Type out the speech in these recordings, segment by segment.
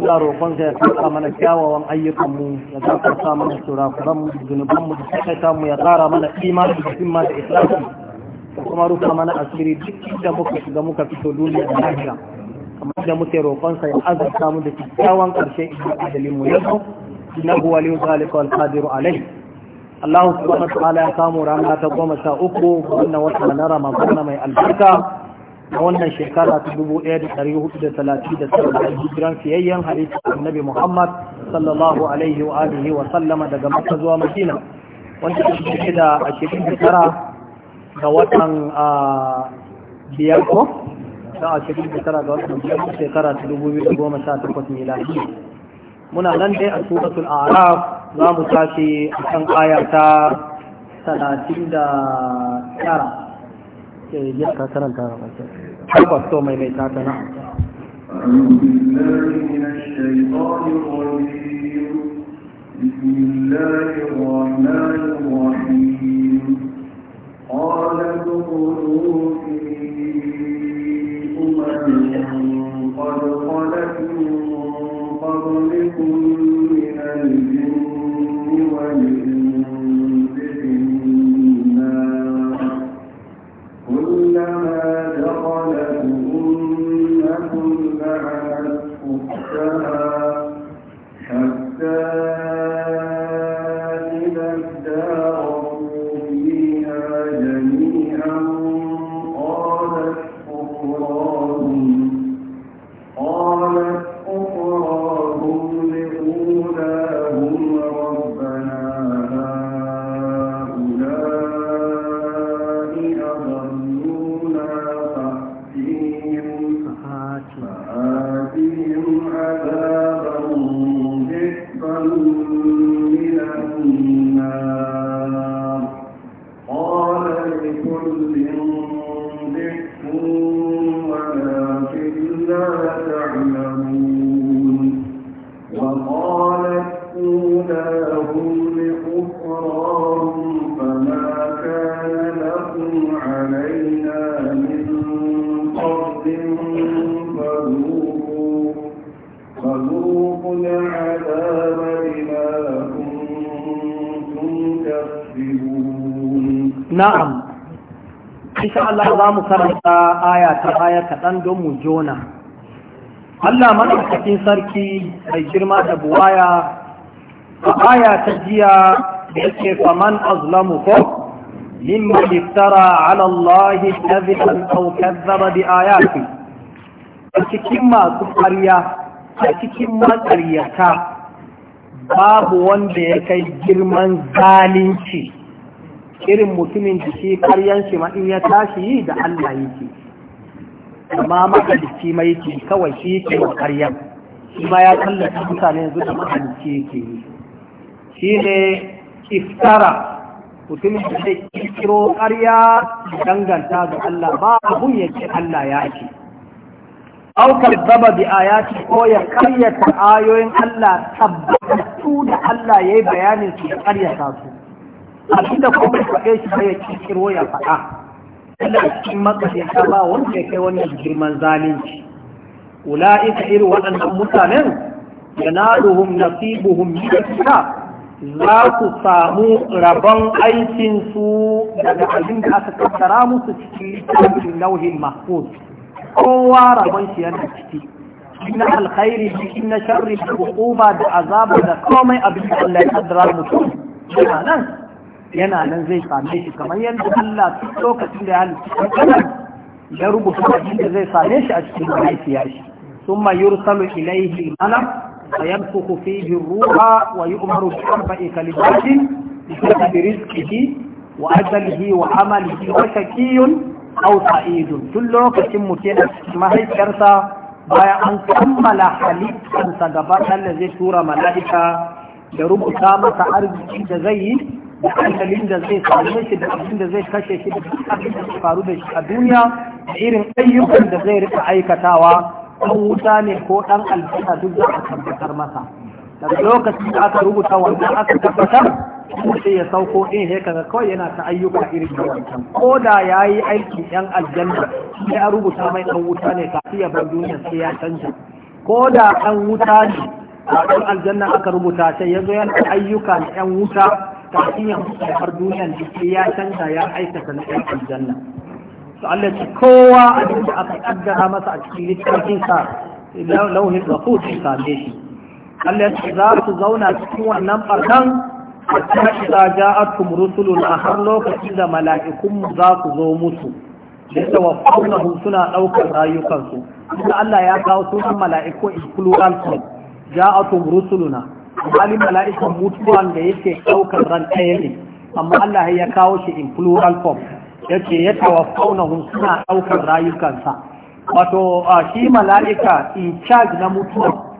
ina roƙon ka ya saka mana kyawawan ayyukan mu ya saka mana surakuran mu zunuban mu da sakaita mu ya ƙara mana imani da himma da ikhlasi da kuma rufa mana asiri duk da muka shiga muka fito duniya da lahira kamar da muke roƙon sa ya azurta mu da kyakkyawan ƙarshe idan adalin mu yau innahu waliyu zalika wal qadiru alayhi Allah subhanahu wa ta'ala ya samu rana ta goma sha uku wannan wata na Ramadan mai albarka a wannan shekara ta ɗaya da hijiran fiyayyen hadisi annabi Muhammad sallallahu alaihi wa alihi wa sallama daga Makka zuwa Madina wanda ke cike da tara ga watan biyar ko da tara ga watan biyar shekara ta dubu biyu da goma takwas miladi muna nan dai a suratul a'raf za mu tashi akan aya ta tara yadda ya a wasu harba so mai كلما دخلت أمة لعنت أختها za mu karanta aya ta aya kaɗan don mu jona Allah maɗaukakin sarki mai girma da buwaya a aya ta jiya da yake faman azlamu ko mimma iftara ala Allah kadhiban aw kadhaba bi ayati a cikin masu ƙarya a cikin maƙaryata babu wanda ya kai girman zalunci irin mutumin jiki karyan shi in ya tashi yi da Allah yake amma maka jiki ma yake kawai shi yake wa karyan shi ma ya tallata mutane yanzu da jiki yake yi shi ne iftara mutumin da zai kiro karya danganta ga Allah ba abun yake Allah ya ce aukar zaba bi ayati ko ya karyata ayoyin Allah tabbatattu da Allah ya yi bayanin su ya karyata su abinda kuma bai faɗe shi bai ya kirkiro ya faɗa Allah cikin makasai ta ba wanda ya kai wannan girman zalunci ula'ika irin waɗannan mutanen yanaluhum nasibuhum min kitab za ku samu rabon aikinsu daga abin da aka tattara musu cikin littafin nauhin mahfuz kowa rabon shi yana ciki inna alkhairi bi inna sharri bi uquba da azaba da komai abin da Allah ya kaddara yana nan yana nan zai same shi kamar yadda Allah lokacin da ya halitta ya rubuta abin da zai same shi a cikin mahaifiya shi summa yursalu ilayhi malam fa yanfukhu fihi ruha wa yu'maru bi arba'i kalimatin bi rizqihi wa ajalihi wa amalihi wa shaqiyyun aw sa'idun tun lokacin mutum yana cikin mahaifiyarsa bayan an kammala halittarsa gaba ɗan da zai tura mala'ika da rubuta masa arziki da zai yi da hankalin da zai samu shi da abin da zai kashe shi da abin da zai faru da shi a duniya da irin ayyukan da zai rika aikatawa ɗan wuta ne ko ɗan aljanna duk za a tabbatar masa daga lokacin da aka rubuta wannan aka tabbatar sai ya sauko ɗin sai kaga kawai yana ta ayyuka irin da wancan ko da ya yi aikin yan aljanna sai a rubuta mai ɗan wuta ne kafin ya bar duniya sai ya canja ko da ɗan wuta ne a ɗan aljanna aka rubuta sai ya zo yana ayyuka na ɗan wuta kafin ya mutu har duniyan jiki ya canza ya aikata na ɗan aljanna to Allah ce kowa abin da aka kaddara masa a cikin littafin sa lauhin rahut ya same shi Allah ce za su zauna cikin wannan barkan ja a ja'atkum rusuluna har lokacin da mala'ikun mu za su zo musu da tawaffawna suna daukar rayukansu kuma Allah ya kawo sunan mala'iku in plural ja'a rusuluna halin mala'ikan mutuwan da yake ɗaukar ran ɗaya ne amma Allah ya kawo shi in plural form yake ya tawaffauna suna ɗaukar rayukansa wato shi mala'ika in charge na mutuwa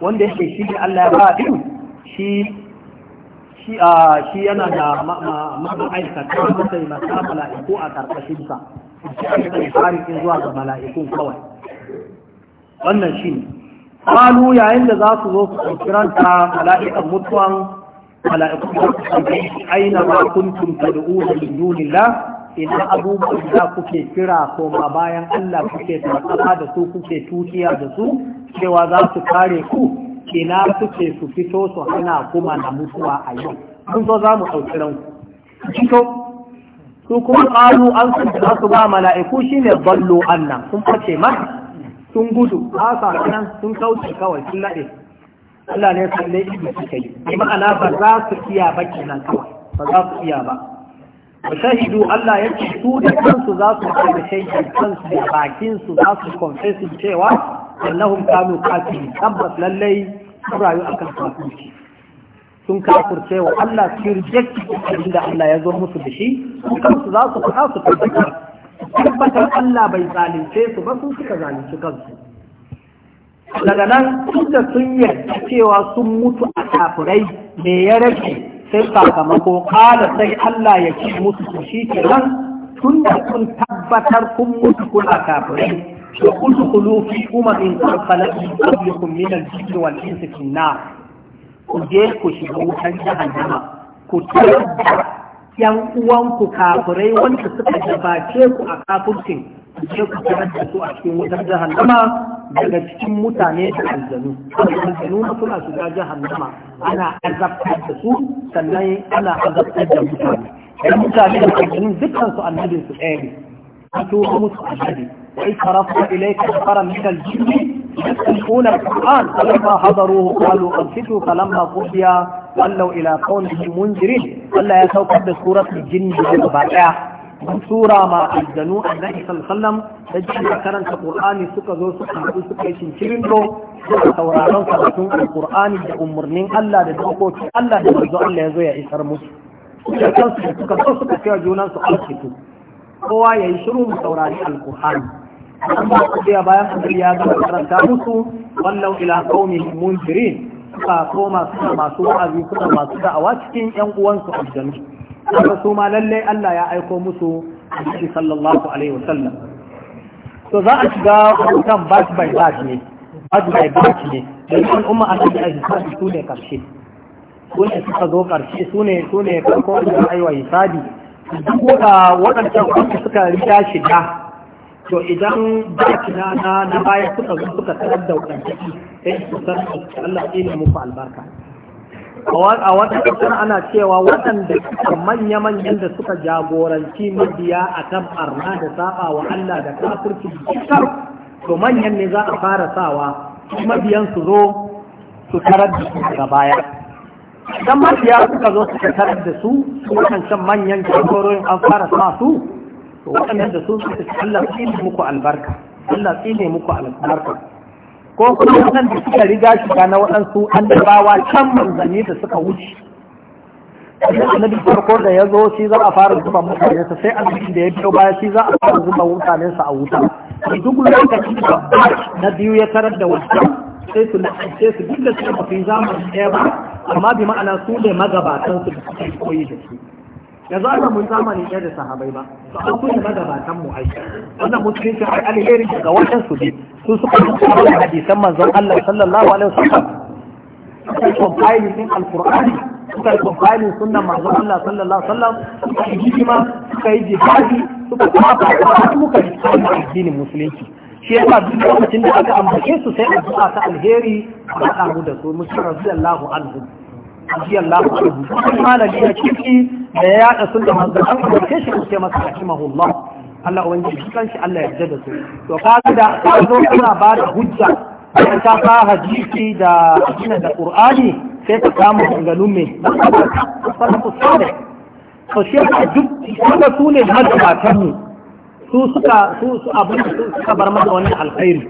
wanda yake shi ne Allah ya ba shi yana da ma'aikata masa yi masa mala'iku a ƙarƙashinsa shi ne in zuwa ga mala'ikun kawai wannan shi ne kalu yayin da za su zo su ɗauki ranta mala'ikan mutuwan mala'ikun da aina ma kuntum tad'una min dunillah ina abubuwan da kuke kira ko ma bayan Allah kuke tsaka da su kuke tukiya da su cewa za su kare ku ina suke su fito su hana kuma na mutuwa a yau kun zo za mu ɗauki ranku fito su kuma ƙalu an su ba mala'iku shine ballo annan kun face mana sun gudu ba sa sun kauce kawai sun laɗe Allah ne san ne ibi suka yi bi ma'ana ba za su iya ba kenan kawai ba za su iya ba ba shahidu Allah ya ce su da kansu za su ce da shaidu kansu da bakin su za su confessin cewa annahum kanu kafiri tabbas lallai sun rayu akan kafirci sun kafirce wa Allah su reject abin da Allah ya zo musu da shi su kansu za su fara su tabbatar tabbatar Allah bai zalunce su ba sun suka zalunci kansu daga nan duk da sun yarda cewa sun mutu a kafirai me ya rage sai sakamako kala sai Allah ya ci musu su shi ke nan tun da kun tabbatar kun mutu kuna kafirai to udkhulu fi umamin qad khalat min qablikum min al-jinni wal ku je ku shiga wutan jahannama ku tabbatar yan uwanku kafirai wanda suka gabace ku a kafircin sai ku kira da su a cikin wutar jahannama daga cikin mutane da aljanu aljanu na suna shiga jahannama ana azabtar da su sannan ana azabtar da mutane da mutane da aljanu dukkan su annabin su ɗaya ne a tuho musu annabi wa in sarafna ilayka nafaran min aljinni yastami'una alquran falamma hadaruhu qalu ansitu falamma qudiya wallau ila qawlihi munjirin Allah ya saukar da suratul jinn da ba daya sura ma aljanu annabi sallallahu alaihi wasallam da jin karanta qur'ani suka zo suka haɗu suka yi cincirin do suka sauraron karatun alqur'ani da umurnin Allah da dokokin Allah da manzo Allah ya zo ya isar musu suka kansu suka zo suka kai junan su alkitu kowa ya yi shiru mu saurari alkur'ani amma kuma bayan annabi ya gama karanta musu wallau ila qaumin munzirin suka koma suna masu wa'azi suna masu da'awa cikin yan uwansu aljanu kuma su ma lallai Allah ya aiko musu annabi sallallahu alaihi wasallam to za a shiga kan bash by bash ne bash by bash ne da yan umma annabi alaihi su ne karshe su ne suka zo karshe su ne su ne farko da aiwa hisabi duk waɗancan wanda suka rida shiga to idan ki na na baya suka zo suka tarar da wadantaki sai su san Allah ya muku albarka a wata kasar ana cewa waɗanda suka manya-manyan da suka jagoranci mabiya a kan arna da saba wa Allah da kafirci jikar to manyan ne za a fara sawa mabiyan su zo su tarar da su daga baya dan mabiya suka zo suka tarar da su su waɗancan manyan jagororin an fara sa su to waɗannan da sun suka Allah Allah tsine muku albarka Allah tsine muku albarka ko kuma da suka riga shiga na waɗansu annabawa can manzanni da suka wuce annabi farko da ya zo shi za a fara zuba mutane sa sai annabi da ya biyo baya shi za a fara zuba mutane sa a wuta duk lokacin da na biyu ya tarar da wuta sai su la'ance su duk da su fi zamanin ɗaya ba amma bi ma'ana su ne magabatan su da suke koyi da su ya za ka mun zamani ɗaya da sahabai ba an kuma magabatan mu aiki wannan musulunci har alheri daga wajen su ne su suka yi hadisan manzon Allah sallallahu alaihi wasallam suka yi compiling din alqur'ani suka yi compiling sunnan manzon Allah sallallahu alaihi wasallam suka yi hikima suka yi jihadi suka kuma ba su muka yi addinin musulunci shi duk lokacin da aka ambace su sai addu'a ta alheri ba mu da su musulunci radiyallahu anhu radiyallahu anhu kuma malami da kiki da ya yada sun da manzon da kai shi kuke masa rahimahullah Allah ubangiji dukan shi Allah ya yarda da su to kaga da ka zo ba da hujja da ta fa hadisi da kina da sai samu da to duk su ne magabatan mu su suka su su abin su suka bar mana wannan alkhairi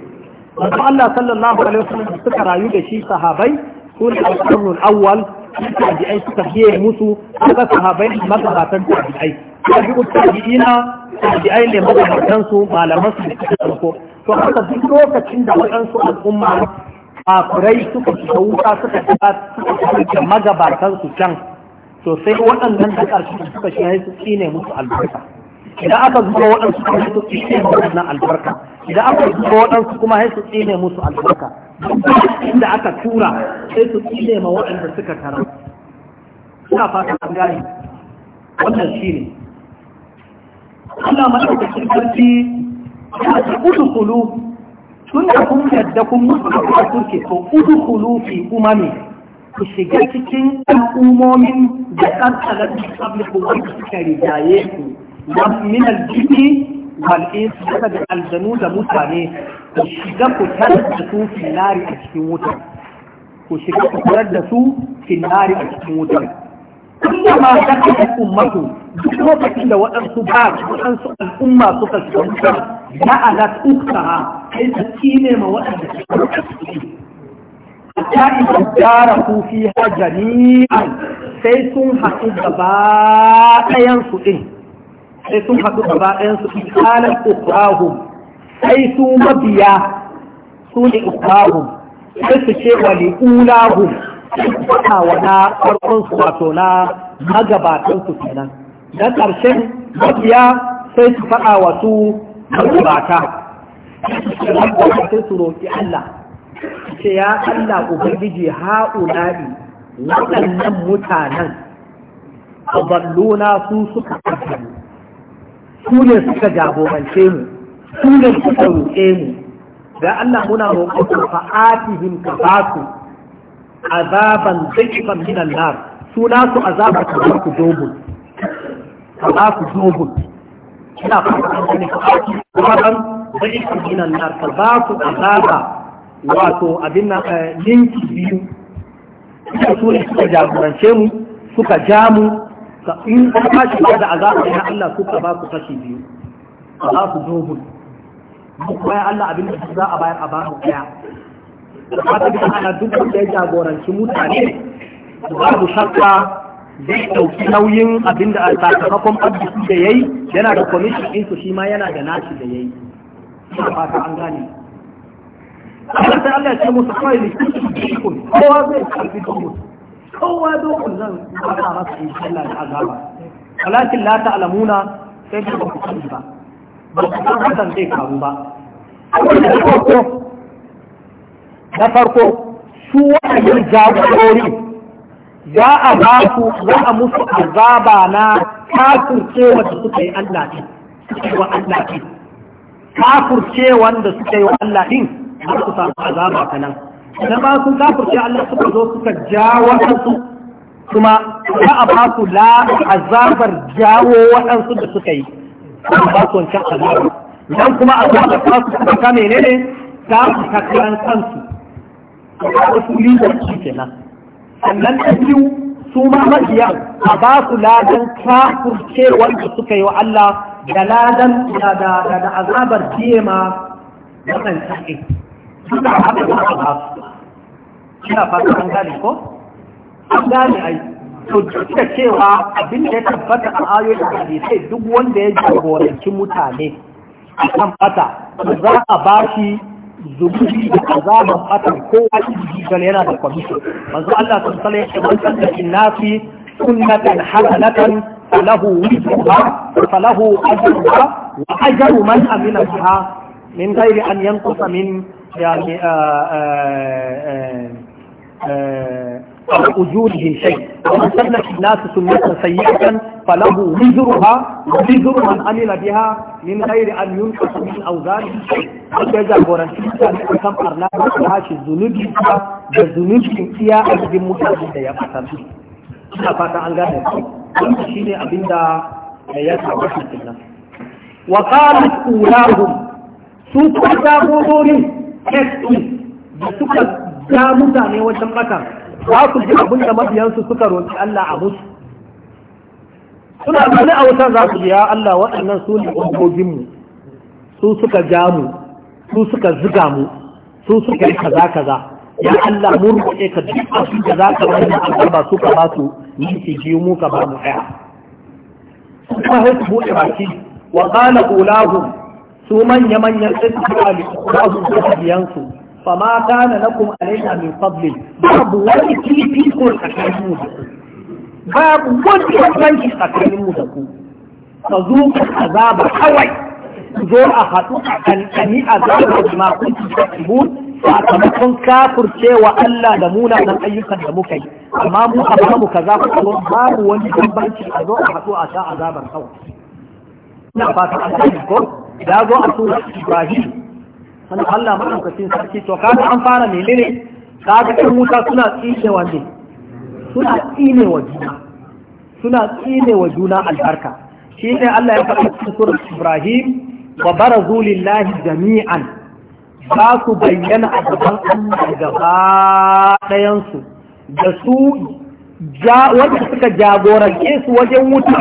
Allah sallallahu alaihi wasallam suka rayu da shi sahabai sun al-qarnul awwal tabi'ai suka fiye musu aka sahabai magabatan tabi'ai tabi'u tabi'ina tabi'ai ne magabatan su malaman su da suka dauko to haka duk lokacin da waɗansu al'umma kafirai suka shiga wuta suka shiga magabatan su can to sai waɗannan da ƙarshe suka shiga su tsine musu albarka idan aka zuba waɗansu kuma su tsine musu albarka idan aka zuba waɗansu kuma su tsine musu albarka inda aka tura sai su tsine ma waɗanda suka tara suna fata an gane wannan shi ne Allah maɗaukacin sarki ya ce udukulu tun da kun yadda kun mutu da kuma turke to udukulu fi umami ku shiga cikin al'ummomin da ƙarƙarar public wanda suka rigaye ku na minal jini wal'insu daga aljanu da mutane ku shiga ku tarar da su finnari a cikin wutar ku shiga ku tarar da su finnari a cikin wutar kuma ma ta kai ummatu duk lokacin da waɗansu ba waɗansu al'umma suka shiga wutar na alat uktaha sai ta kine ma waɗanda suka shiga ciki ta idan jara ku fi ha jami'an sai sun haɗu gaba ɗayansu ɗin sai sun haɗu gaba ɗayansu ɗin kalan ukurahum sai su mabiya su ne ukwahum sai su ce wa li'ulahum sai su faɗa wa na farkon su wato na magabatan su kenan na ƙarshen mabiya sai su faɗa wa su magabata sai su roƙi Allah ce ya Allah ubangiji ha'ula'i waɗannan mutanen aballona su suka ƙarfi su ne suka jagorance mu su ne suka roƙe mu da Allah muna roƙon fa atihim ka ba su azaban dakiban min annar suna su azaba ka ba su dogon ka ba su dogon ina fata ne ka ba su azaban dakiban min annar ka ba su azaba wato abin na eh, ninki biyu suka so ne suka jagorance mu suka ja mu in ka ba shi da azaba na Allah suka ba su kashi biyu ka ba su dogon bayan Allah abin da za a bayar a ba mu daya wata bi ana duk wanda ya jagoranci mutane babu shakka zai ɗauki nauyin abin da a sakamakon arziki da yayi yana da kwamishin su shi ma yana da nashi da yayi ina fata an gane Allah sai Allah ya ce musu kawai da shi kowa zai karbi dokun kowa dokun zan ba masa insha Allah da azaba walakin la ta'lamuna sai da ku ba ba ka zai ba na farko su waɗannan jagorori za a ba su za a musu azaba na kafircewa da suka yi Allah ɗin suka yi wa Allah ɗin kafircewa wanda suka yi wa Allah ɗin za su samu azaba ta nan na ba su ce Allah suka zo suka ja waɗansu kuma za a ba su la azabar jawo waɗansu da suka yi ba ba su wancan azaba dan kuma azaba ta su ta ta menene ta su ta kiran kansu a su lidan shi kenan sannan ta biyu su ma mabiyan a ba su ladan kafurce wanda suka yi wa Allah da ladan da azabar biye ma waɗanda ne suna haɗa da ba su Suna fata an gane ko an gane aiki to duk da cewa abin da ya tabbata a ayoyin hadisai duk wanda ya jagoranci mutane a kan fata za a ba shi zubi da azaban fatan kowa individual yana da kwamishin manzo Allah sun sala ya shabantar da innafi sunnatan hasanatan falahu wisruha falahu ajruha wa ajru man amila biha min ghairi an yanqusa min uh, uh, uh, أو أجورهم شيء ومن سلك الناس سنة سيئة فله وزرها وزر من عمل بها من غير أن ينقص من أوزان شيء وكذا قرنسيسا لأكم أرناها لهاش الزنوب بالزنوب إيا أجد متعبد يا فتن ina fata an gane wannan shine abinda ya saba cikin nan wa qalat ulahum su kuma za su ji abin da mabiyansu suka roƙi Allah a musu suna gani a wutar za su biya Allah waɗannan su ne ƙungoginmu su suka ja mu su suka ziga mu su suka yi kaza kaza ya Allah mun roƙe ka duk abin da za ka bari a ba su ka ba su yi ki mu ka ba mu ɗaya kuma sai su buɗe baki wa qala ƙulahu su manya manyan sai su ba su biyansu. fama kana lakum alaina min fadli babu wani kifi ko tsakanin mu da ku babu wani kifi tsakanin mu da ku ka zo ka azaba kawai zo a haɗu a kankani azaba da ma kun tsibun sakamakon wa Allah da Muna nan ayyukan da muka yi amma mu a ba mu kaza ko babu wani bambanci a zo a haɗu a sha azabar kawai ina fata an ko da zo a tura Ibrahim wanda Allah madaukakin sarki to kaga an fara menene kaga kan wuta suna tsine wa ne suna tsine wa juna suna tsine wa juna albarka shi ne Allah ya faɗa cikin surat Ibrahim wa barazu lillahi jami'an za su bayyana a gaban Allah gaba ɗayansu da su wanda suka jagorance su wajen wuta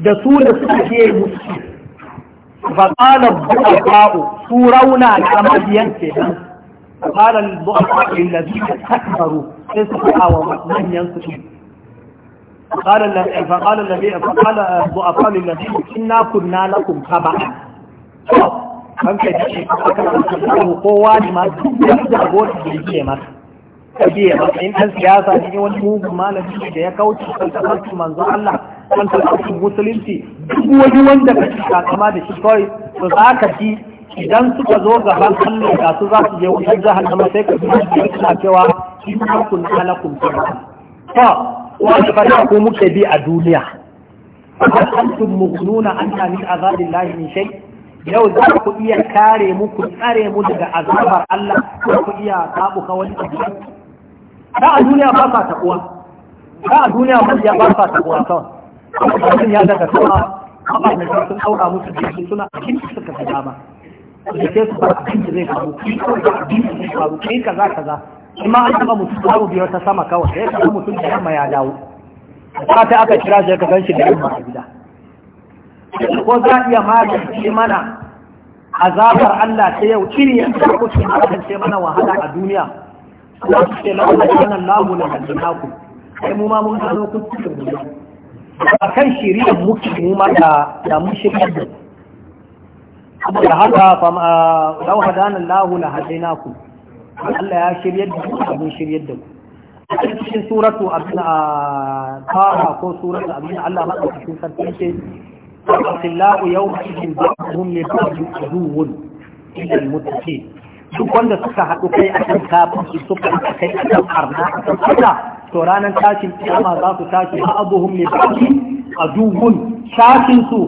da su da suka ke musu فقال الضعفاء سورونا كما ينتهي فقال الضعفاء الذين استكبروا اسمعوا من ينصحون قال فقال الذي فقال الضعفاء الذين انا كنا لكم تبعا فقال kai da فقال الضعفاء rubuta kowa ne ma ka biye maka in ɗan siyasa ne wani mugun malami da ya kauce kan tafarkin manzon Allah kan tafarkin musulunci duk wani wanda ka cika kama da shi kawai to za ka ji idan suka zo gaban Allah ga su za su je wani wutar jahannama sai ka biye da suna cewa in kun halakum to wani fata ko muke bi a duniya hal antum mughnuna anna min azabillahi min shay' yau za ku iya kare mu ku tsare mu daga azabar Allah ko ku iya tabuka wani abu da a duniya ba sa taɓuwa da a duniya mabiya ba sa taɓuwa kawai abin ya daga sama kamar da sun ɗaura musu jiki suna a cikin suka fi dama da sai su bar a da zai faru kai kawai da abin da zai faru kai kaza kaza in ma an taɓa mutum babu biyar ta sama kawai sai taɓa mutum da yamma ya dawo da ta aka kira sai ka gan shi da yamma a gida ko za a iya magance mana azabar Allah ta yau iri yanzu ko shi magance mana wahala a duniya za su ce na ai mu ma mun gano mu a kan shirya muke mu ma da da da saboda haka fa hadana lahu la Allah ya da ku da ku cikin suratu abin a ko suratu abin Allah ma sarki ce duk wanda suka haɗu kai a kan kafin suka haɗu kai a kan arna a kan kuta to ranar tashin kiyama za su tashi ba abuhum ne baki a dubun tashin su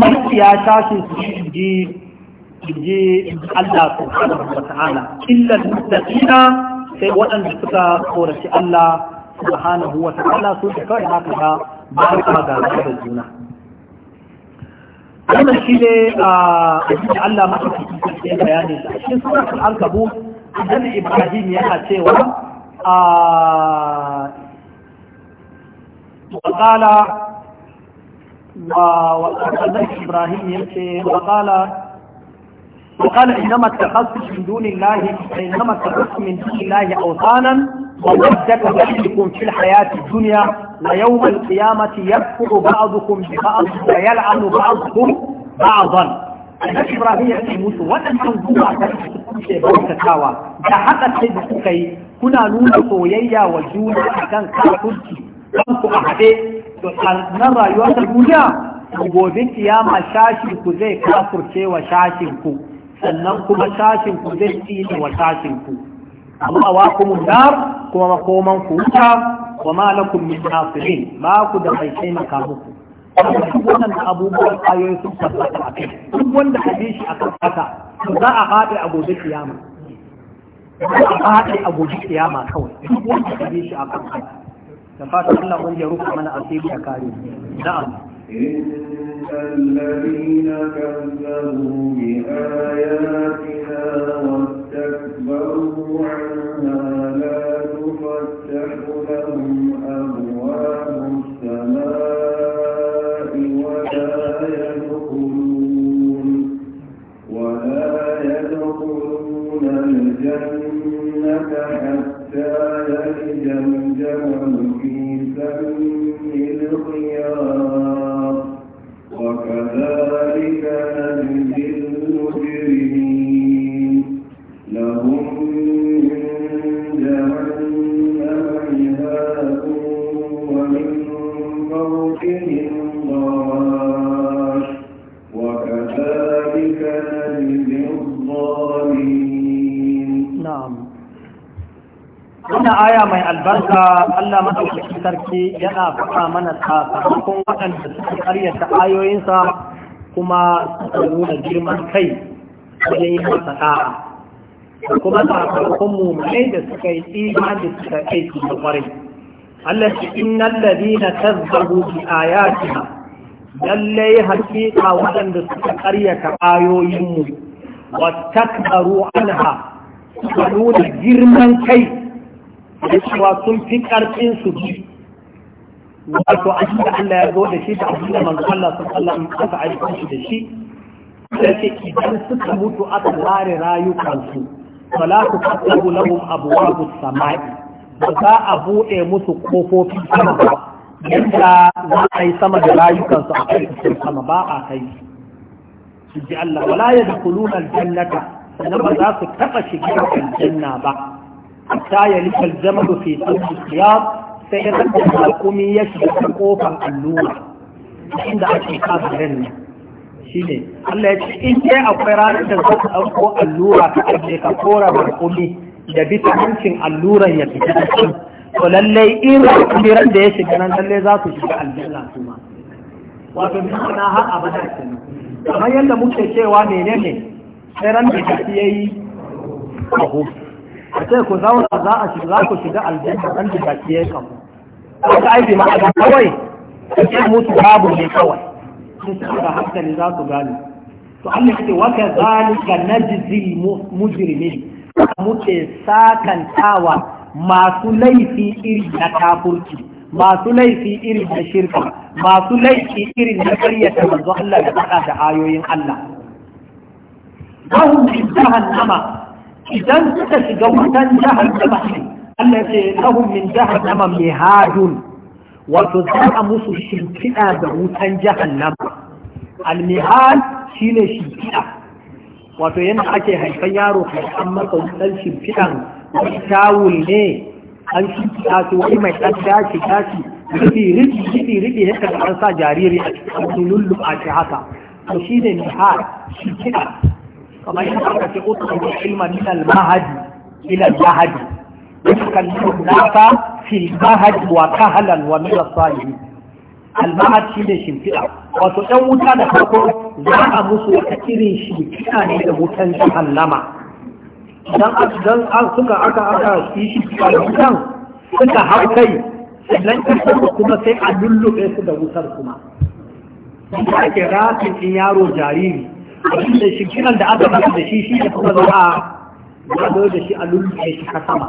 makiya tashin su inji inji Allah subhanahu wa ta'ala illa mustaqina sai waɗanda suka korafi Allah subhanahu wa ta'ala su da kawai haka ba ba ta ga da juna wannan shi ne a da Allah maɗaukaki bayani da shi suna idan Ibrahim yana cewa a Ibrahim ya ce وودك بينكم في الحياة الدنيا ويوم القيامة يكفر بعضكم ببعض ويلعن بعضكم بعضا annabi ibrahim ya ce musu waɗannan zuwa da kuke bautatawa da haka sai da kuka yi kuna nuna soyayya wa juna a kan kafurci kan a haɗe to na rayuwar ta duniya gobe kiyama shashin ku zai kafurcewa wa ku sannan kuma shashin ku zai tsine wa ku amma wa kuma dar kuma makoman ku wuta wa ma lakum min nasirin ba ku da mai taimaka muku wannan abubuwan ayoyi sun tabbata a kai duk wanda ka shi a kan haka za a haɗe a gobe kiyama za a haɗe a gobe kiyama kawai duk wanda ka shi a kan haka da fata Allah wanda ya rufe mana asiri da kare na'am الذين كذبوا بآياتنا اسْتَكْبَرُوا عَنْهَا لَا تُفَتَّحُ لَهُمْ أَبْوَابُ السَّمَاءِ وَلَا يَدْخُلُونَ وَلَا يَدْخُلُونَ الْجَنَّةَ حَتَّى ubangiji yana faɗa mana sakamakon waɗanda suka karyata ayoyinsa kuma suka nuna girman kai wajen yi masa da'a da kuma sakamakon mummunai da suka yi imani da suka aiki da kwarai Allah shi innal ladina kazzabu bi ayatina lallai hakika waɗanda suka karyata ayoyinmu wa takbaru anha suka nuna girman kai da cewa sun fi ƙarfin su bi wato abin da Allah ya zo da shi da abin da manzo Allah sallallahu alaihi wasallam aka aika shi da shi sai ce idan suka mutu aka ware rayukansu fala ku tasabu lahum abwabu samai ba za a bude musu kofofin sama ba yadda za a yi sama da rayukansu a kai cikin sama ba a kai su ji Allah wala ya da kulunan jannata sannan ba za su taɓa shiga aljanna ba hatta ya lika aljamalu fi su siyar sai ya zanta alƙumi ya shiga ta ƙofar allura inda ake kasa ran nan shi ne Allah ya ce in ke akwai ranar da za ta ɗauko allura ta ajiye ka kora alƙumi da bisa hancin alluran ya fita da shi to lallai in ran da ya shiga nan lallai za su shiga aljanna su ma wato na har abada kenan kamar yadda muke cewa menene sai ran da tafi yayi kaho a ce ku zauna za a shiga ku shiga aljanna ran da tafi yayi kaho wata aiki ma a kawai sai mutu babu ne kawai sun suka haka ne za su gane to Allah yake wa ka zalika najzi mujrimin muke sakantawa masu laifi iri na kafurci masu laifi iri na shirka masu laifi iri na karyata manzo Allah da faɗa da ayoyin Allah lahum min jahannama idan suka shiga wutan jahannama ne Allah ce lahum min jahannama mihadun wato za a musu shimfiɗa da wutan jahannama al-mihad shine shimfiɗa wato yana ake haifan yaro kai an masa wutan shimfiɗan wani tawul ne an shimfiɗa su wani mai ɗan dashi dashi rufi rufi rufi rufi yadda an sa jariri a cikin lullu a shi haka to shine mihad shimfiɗa kamar yadda aka ce utu ilma min al-mahadi ila al-mahadi يكلم الناس في المهد وكهلا ومن الصالحين المهد شيء شمفئة وتؤمن كان فقر لا أمس وكثير شمفئة لأموتان جهنم dan dan an suka aka aka shi shi da suka hau kai sannan kuma sai a lullube su da wutar kuma da ke rafin in yaro jariri da shi kiran da aka da shi shi da kuma za a zo da shi a lullube shi ka sama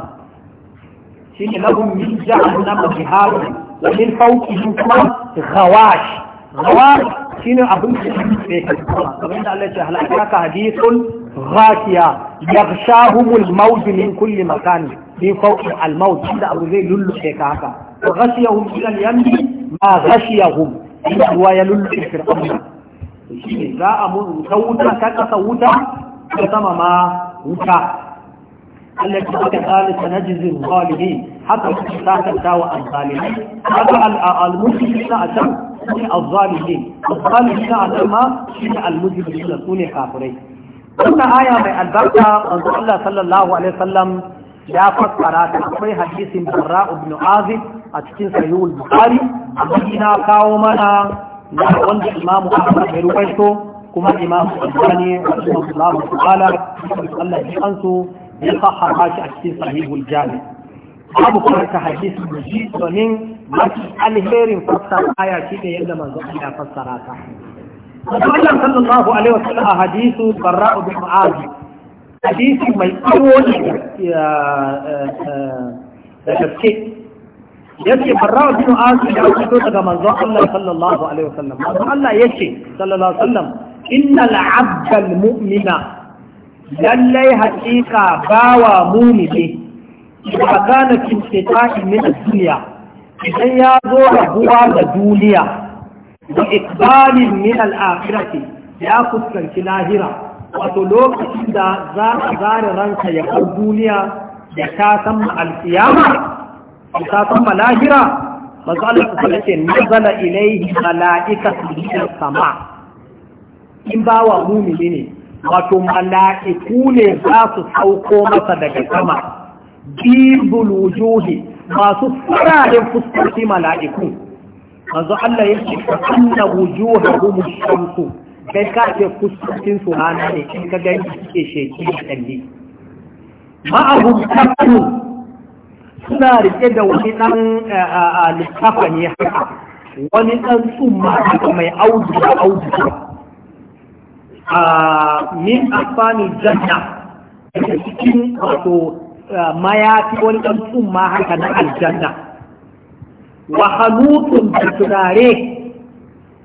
سين لهم من جهنم جهاد ومن فوقهم غواش غواش سين أبو جهنم فمن الله جهل أكاك حديث غاكيا يغشاهم الموت من كل مكان من فوق الموت سين أبو زي لل فيكاكا وغشيهم إلى اليم ما غشيهم هو يلل في الأرض إذا أمون سوتا كان سوتا كتما ما وتا التي وكذلك نجزي الظالمين حتى تتاكد دعوة الظالمين حتى المسلمين أتم سنة الظالمين الظالمين أتم سنة المسلمين سنة كافرين كنا aya mai albarka, wanzu Allah sallallahu alaihi عليه ya fassara ta akwai hadisin barra ibn azib a cikin sahihul bukhari amma na kawo mana na wanda imamu ahmad ya rubaito kuma imamu albani rahimahullahu ta'ala Allah ya kansu ya sahaha shi a cikin sahihul jami babu farka hadisi da shi domin mafi alherin fassara aya shi ne yadda manzo Allah fassara ta Allah sallallahu alaihi wasallam a hadisu barra'u bin mu'az hadisi mai tsawo ne da gaske yace barra'u bin mu'az ya fito daga manzo Allah sallallahu alaihi wasallam manzo Allah yace sallallahu alaihi wasallam innal 'abda al-mu'mina lallai haƙiƙa bawa muni ne ba gane fitata da duniya idan ya zo rabuwa da duniya da ikbalin min al'afirati ya fuskanci lahira wato lokacin da za a gane ransa ya kan duniya da ta san alkiyama da ta san lahira mazalar su ce nazala ilaihi mala'ikatu min sama in bawa mumini ne wato mala'iku ne za su sauko masa daga sama bibul wujuhi masu fararen fuskoki mala'iku manzo Allah ya ce anna wujuhahum shamsu kai ka ce fuskokin su rana ne kin ka gani suke sheki da kalli kakku suna rike da wani dan eh, eh, eh, littafa ne haka wani ɗan tsumma mai audu da audu. min afani janna daga cikin wato eh, mayafi wani ɗan tsumma haka na aljanna wa hanutun da turare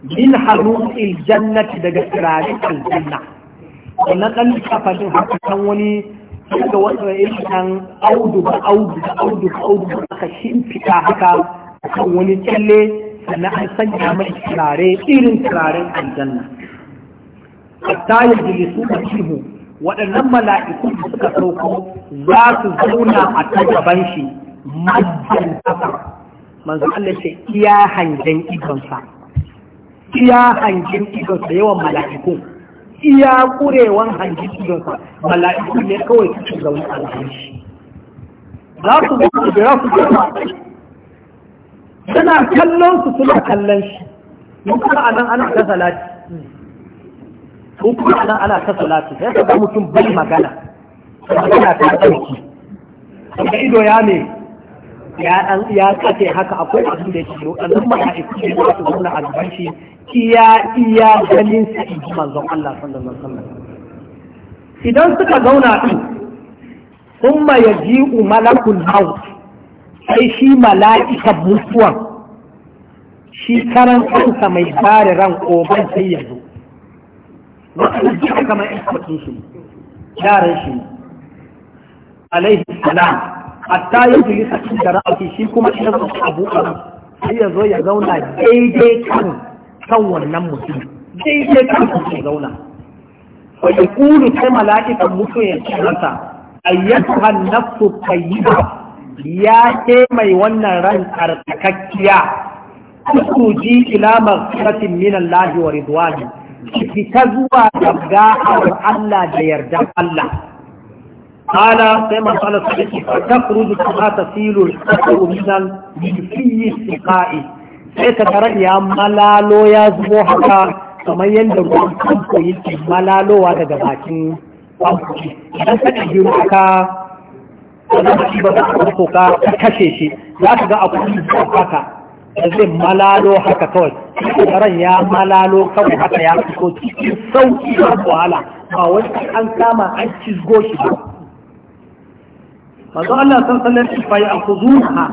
min hanutil jannati daga turare aljanna wannan ɗan kafafin haka kan wani daga wata ilikan audu ba audu ba audu ba audu ba aka shimfita haka kan wani kyalle sannan an sanya mai turare irin turaren aljanna hatta ya ji su da cihu waɗannan mala'iku da suka sauko za su zauna a ta gaban shi majjan ƙasa manzo Allah ce iya hangen idonsa iya hangen idonsa yawan mala'iku iya kurewan hangen idonsa mala'iku ne kawai su zaune a gaban shi za su zauna da su zauna suna kallon su suna kallon shi mun kuma anan ana ta salati ko kuma nan ana ta salati sai ka ga mutum bai magana magana ta dauki da ido ya ne ya dan ya kace haka akwai abin da yake wadannan mala'iku ne su zauna a gaban shi iya iya ganin sa ji manzo Allah sallallahu alaihi wasallam idan suka gauna din thumma yaji'u malakul maut sai shi mala'ikan mutuwa shi karan kansa mai bare ran koban sai yanzu waɗannan duka kamar ƴan kwacin shi yaran shi alaihi salam hatta yi su a cikin da shi kuma ina zo abu a sai ya zo ya zauna daidai kan kan wannan mutum daidai kan mutum zauna wa ya kulu sai mala'ikan mutum ya ce masa ayyatuha nafsu tayyiba ya ke mai wannan ran tsarkakakkiya kusuji ila maghfiratin min Allah wa ridwani ta zuwa ga ga'ar Allah da yarda Allah qala sai man qala sabiki fa takhruju ta tasilu al-qatru min al-fi istiqa'i sai ka tara ya malalo ya zubo haka kamar yadda ruwan famfo yake malalowa daga bakin famfo idan ka ɗage maka wani ba za ka ka kashe shi za ka ga akwai haka da zai malalo haka kawai ran ya malalo kawai haka ya fito cikin sauƙi da wahala ba wani an kama an cizgo shi ba manzo Allah san sallar shi fa ya'khuzunha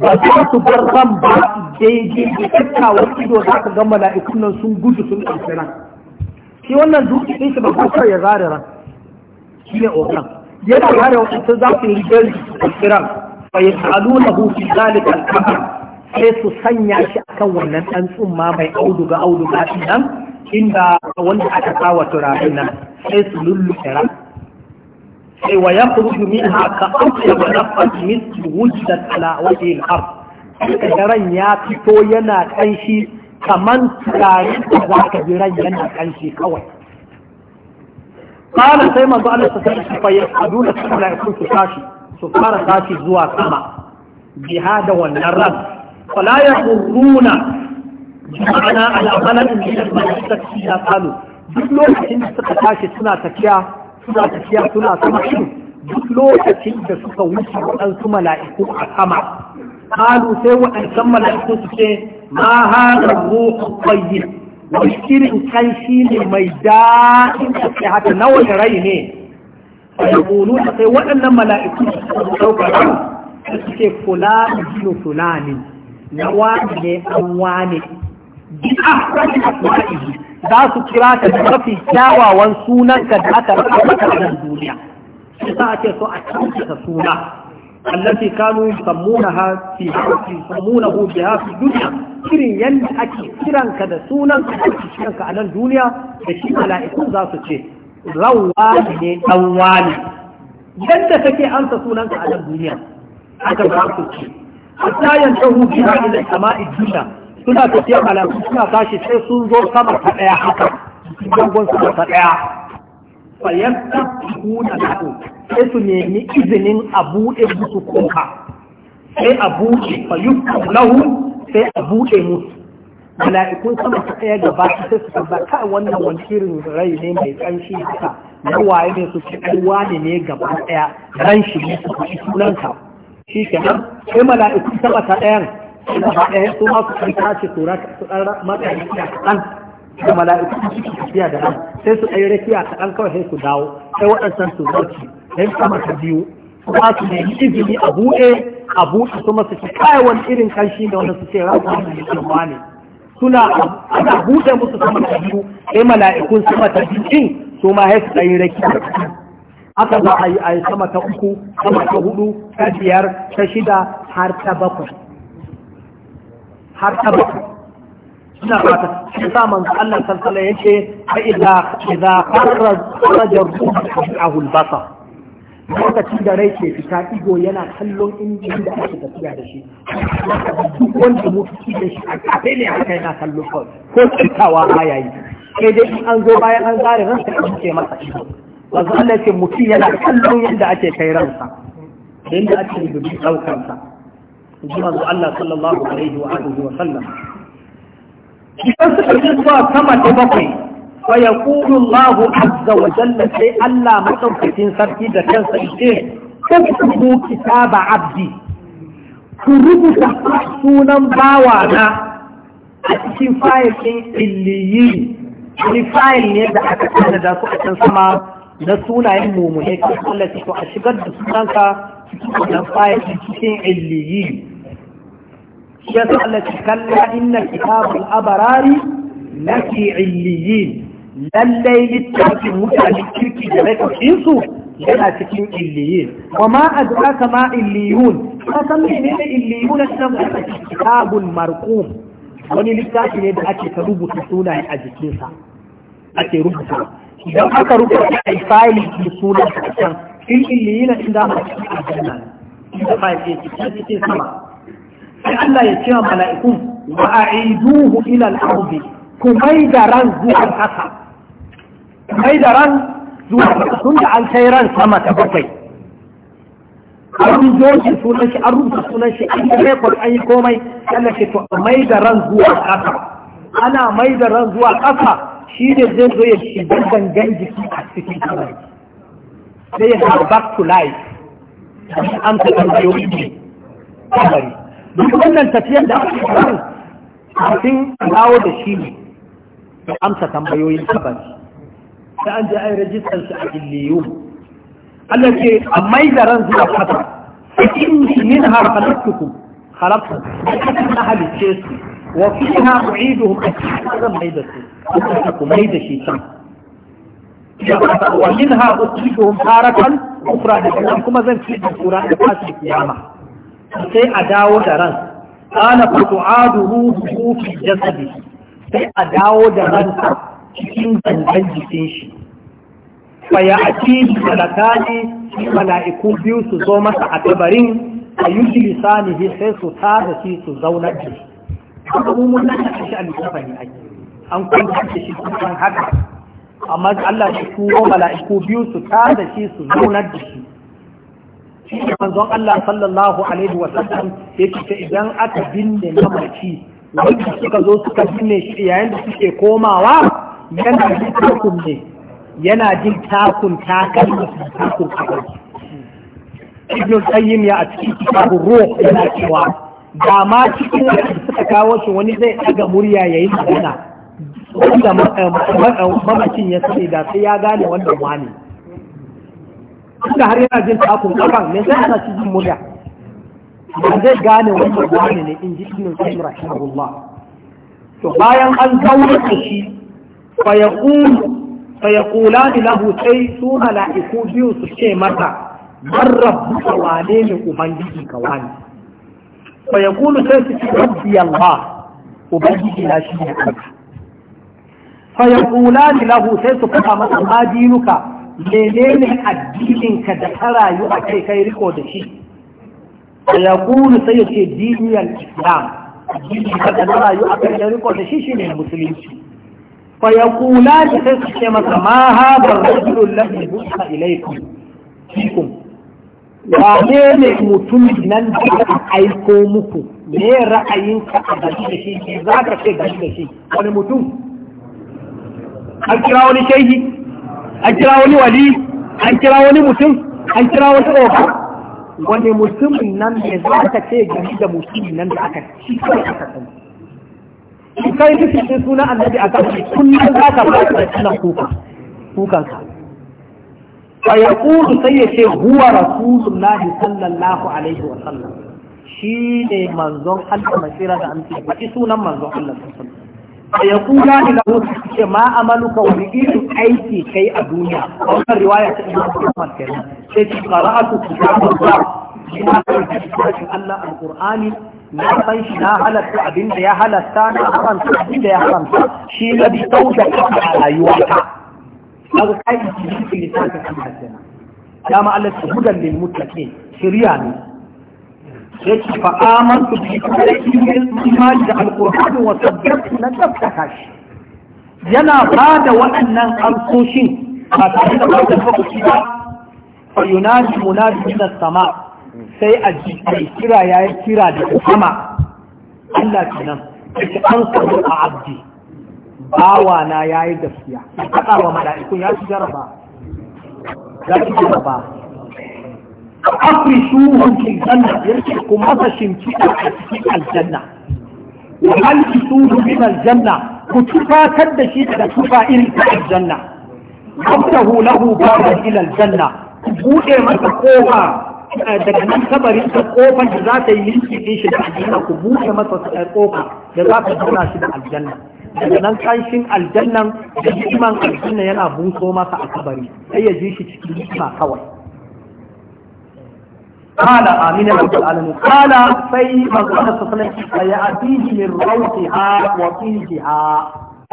ba za su bar ran ba daidai da kakkawar ido za ka ga mala'ikun nan sun gudu sun ɗauki ran shi wannan dutse ɗin shi ba ko ya zare ran shi ne okan yana zare wasu za su yi rigar ran fa ya'alunahu fi zalika al-amr sai su sanya shi akan wannan ɗan tsumma mai auduga auduga ɗin nan inda wanda aka kawo turare nan sai su lulluɓe ran sai wa ya kuruju min haka auke wa nafas miski wujdan ala na har suka daren ya fito yana ƙanshi kamar turare da za ka ji ran yana ƙanshi kawai sai قال سيما قال sai su سيما a يكون su fara tashi zuwa sama jihada wannan ran فلا يضرون معنى على غلط من الملائكة فيها قالوا duk lokacin da suka tashi suna tafiya suna tafiya suna sama shi duk lokacin da suka wuce waɗansu mala'iku a sama kalu sai waɗansan mala'iku su ce ma hada ruhu tsayyib wani irin kan shi ne mai daɗin da ke haka na wani rai ne da ƙulu sai waɗannan mala'iku su ɗauka su ce fulani jino fulani na wani ne an wani bi ahsani asma'ihi za su kira ka da mafi kyawawan sunanka da aka rasa maka a nan duniya shi za a ce so a kyautata suna allati kanu yusammunaha fi yusammunahu biha fi dunya irin yanda ake kiranka da sunan ka ake kiranka a nan duniya da shi mala'iku za su ce rawani ne dan wani yadda kake ansa sunanka a nan duniya aka ba su ce hatta yantahu biha ila sama dunya suna tafiya malaku suna tashi sai sun zo sama ta ɗaya haka gangon sama ta daya fayyantafuna lahu sai su nemi izinin a buɗe musu kofa sai a buɗe fayyukan lahu sai a buɗe musu mala'ikun sama ta ɗaya gaba sai su tabbata wannan wani irin rai ne mai ƙanshi haka na waye ne su ci ɗan ne gaba ɗaya ran shi ne su ci sunanta shi ke nan sai mala'iku taɓa ta ɗayan gaba ɗaya su ma su kan tashi tura su ɗan matsa rakiya kaɗan da mala'iku su ke tafiya da nan sai su ɗan rakiya kaɗan kawai sai su dawo sai waɗansan su zauce sai su kama ta biyu kuma su nemi izini a buɗe a buɗe su masu ce kai wani irin kanshi da wanda su ce rafa ne ne suna ana buɗe musu sama ta biyu sai mala'ikun sama ta biyu su ma sai su ɗan rakiya kaɗan haka za a yi a sama ta uku sama ta hudu ta biyar ta shida har ta bakwai har ta bakwai ina fata shi sa manzo Allah sallallahu yake fa idza idza kharaja ruhu al-basar lokacin da rai ke fita ido yana kallon injin da ake tafiya da shi duk wanda mutu da shi a kafe ne haka yana kallon kawai ko cikawa ma yayi sai dai an zo bayan an zare ransa ya ce masa ido wanzu Allah ce mutum yana kallon yadda ake kai ransa yadda ake dubi ɗaukansa ji zuwa Allah sallallahu alaihi wa alihi wa sallam idan suka ji zuwa sama ta bakwai fa yaqulu Allah azza wa jalla sai Allah madaukakin sarki da kansa yake ku kitaba abdi ku rubuta sunan bawa na a cikin fayil ɗin illiyi wani fayil ne da aka tana da su a can sama na sunayen mumune ka Allah ta to a shigar da sunanka na wannan cikin illiyi shi yasa Allah ta kalla inna kitabul abarari lafi illiyin lallai littafin mutane kirki da rakashin su yana cikin illiyin wa ma adraka ma illiyun ka san ne illiyun nan kitabul marqum wani littafi ne da ake ta rubuta sunaye a jikinsa ake rubuta idan aka rubuta a fayili da sunan a can in illiyina in za mu a aljanna ne in da fayil ke cikin cikin sama sai Allah ya ce wa mala'ikun wa a'iduhu ila al-ardi kumai da ran zuwa kasa kumai da ran zuwa kasa tun da an kai ran sama ta bakwai an rubuto shi sunan shi an rubuta sunan shi an yi rekod an yi komai Allah ce to mai da ran zuwa kasa ana mai da ran zuwa kasa shi da zai zo ya shiga gangan jiki a cikin kamar sai ya zama back to life an amsa tambayoyi ne kamari duk wannan tafiyar da aka kamar kafin dawo da shi ne ya amsa tambayoyin kamari Ta an je an rajistar shi a illiyu Allah ce a mai da ran zuwa fata in min har halaktukum halaktukum na halicce su wa fiha mu'iduhum zan mai da su ku mai shi can wa minha usrifuhum taratan kufra da kuma kuma zan ci da kura da fasu sai a dawo da ran qala fa tu'adu ruhu fi jasadi sai a dawo da ran cikin zangan jikin shi fa ya'ti malakani biyu su zo masa a tabarin a yi sai su tada shi su zauna da haka mu mun nan shi a littafa ne ake an kwanta da shi kan haka amma Allah shi turo mala'iku biyu su tada shi su zaunar da shi shi ne manzon Allah sallallahu alaihi wa sallam yake ce idan aka binne mamaci wanda suka zo suka binne shi yayin da suke komawa yana jin takun ne yana jin takun takalma takun a ibn qayyim ya a cikin kitabur ruh yana cewa da ma cikin wanda suka kawo shi wani zai daga murya ya yi magana wanda eh, eh, mamacin ya sani da sai ya gane wanda wani tunda har yana jin takun kafan me zai ana cikin murya ba zai gane wanda wani ne in ji ibn qayyim rahimahullah to bayan an zauna shi fa yaqulu na lahu sai su mala'iku biyu su ce mata man rabbuka wane ne ubangiji ka wani fa yaqulu sai su ce rabbi Allah ubangiji na shi ne Allah fa yaqulani lahu sai su faɗa masa ma menene addinin ka da ka rayu a kai kai riko da shi fa yaqulu sai ya ce diniyal islam addinin ka da rayu a kai riko da shi shine musulunci fa yaqulani sai su ce masa ma hadha ar-rajulu alladhi bu'itha ilaykum fikum wane ne mutum nan da aka aiko muku me ra'ayinka a gari da shi ne za ka ce gari da shi wani mutum an kira wani shehi an kira wani wali an kira wani mutum an kira wani ofa wani mutumin nan ne za ka ce gari da mutumin nan da aka ci kawai aka san suna annabi a kan kullum za ka ba ka da kuka kukanka fa yaqulu sai ya ce huwa rasulullahi sallallahu alaihi wa sallam shi ne manzon Allah mai tsira da amince ba shi sunan manzon Allah fa yaqula ila wasu ce ma amaluka wa bi'itu aiki kai a duniya wannan riwaya ta Ibn Umar kenan sai ki ina Allah na san shi na halatta abin da ya halatta na haramta abin da ya haramta shi na bi tauta a rayuwata kaga kai ki ji ta ka Allah kenan dama Allah ta hudan lil muttaqin shiriya ne Sai fa amantu bi imani da alqur'ani wa sabbatu na tabbata shi yana bada waɗannan amsoshin ba tare da ba da hukunci ba fa yunadi munadi min sama sai a ji kira yi kira da sama Allah kenan an sabu a abdi bawa na ya yi gaskiya kada wa mala'ikun ya ci jaraba ya ci jaraba afrishuhum fil janna yake kuma sa shimci a cikin aljanna wa alkisuhu min aljanna ku tufatar da shi da tufa irin ta aljanna wabtahu lahu baban ila janna. ku buɗe masa kofa eh, daga nan kabarin ta kofar da za ta yi linki shi da aljanna ku buɗe masa kofar eh, da za ta tuna shi da aljanna daga nan kanshin aljannan da hikiman aljanna yana buso masa a kabari sai ya ji shi cikin hikima kawai kala amina da alamu kala sai magana ta sanar da ya atiji min rawtiha wa qijiha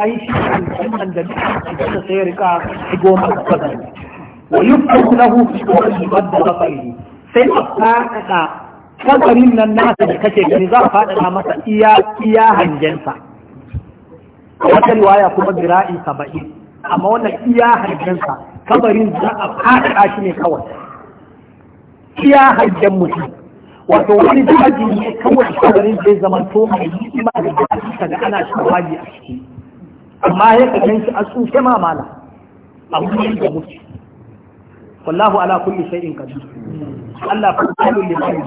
ai shi aljannan da aljanna sai rika shigo masa kabari wa yuftu lahu fi qawli badda basarihi sai a fadada kabarin nan na da kake gani za a fadada masa iya iya hangensa wata riwaya kuma zira'i saba'in amma wannan iya hajjansa kabarin za a faɗaɗa shi ne kawai iya hajjan mutum wato wani daji ne kawai kabarin zai zama to yi ima da cika da ana shawagi a ciki amma ya kagan shi a ma mamala a wurin da mutu wallahu ala kulli shay'in qadir Allah fa kullu liman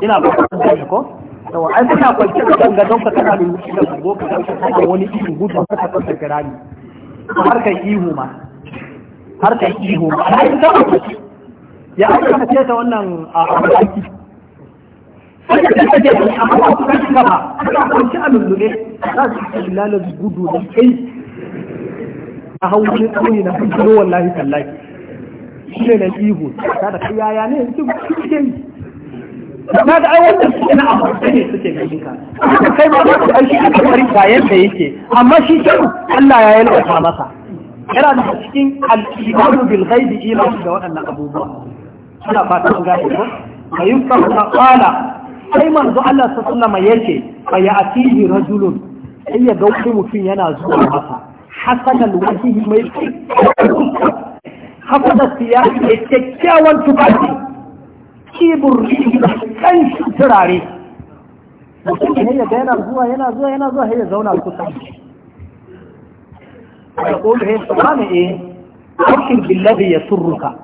ina ba ko yawa ai muna kwance da ganga don ka kana da wuce da go ka dauka kana wani ihu gudu ka ta tsaka rami har kai ihu ma har kai ihu ma ai da ya aka kace ta wannan a aiki sai ka kace ni amma ku kan ka ba ka kwance a lulluɓe za su yi lalar gudu da kai a haushe ne na kan wallahi tallahi shi ne na ihu ta da kai yaya ne su ke yi Na ga ai wannan suke na amurka ne suke ganin ka haka kai ma za ka ɗauki al'amari ba yadda yake amma shi kyau Allah ya yalwata masa yana da cikin al'imanu bil ghaibi imani da waɗannan abubuwa Ana fata an gane ko fa yunkaru ma qala sai manzo Allah sallallahu alaihi yake fa ya'tihi rajulun sai ya ga wani mutum yana zuwa masa hasanal wajhi mai da siyasi kyakkyawan tufafi cibin ƙanshin turare mutum ne ya yana zuwa yana zuwa yana zuwa ya zauna kusa da ƙoli ya saba ne eh aikin billahi ya surruka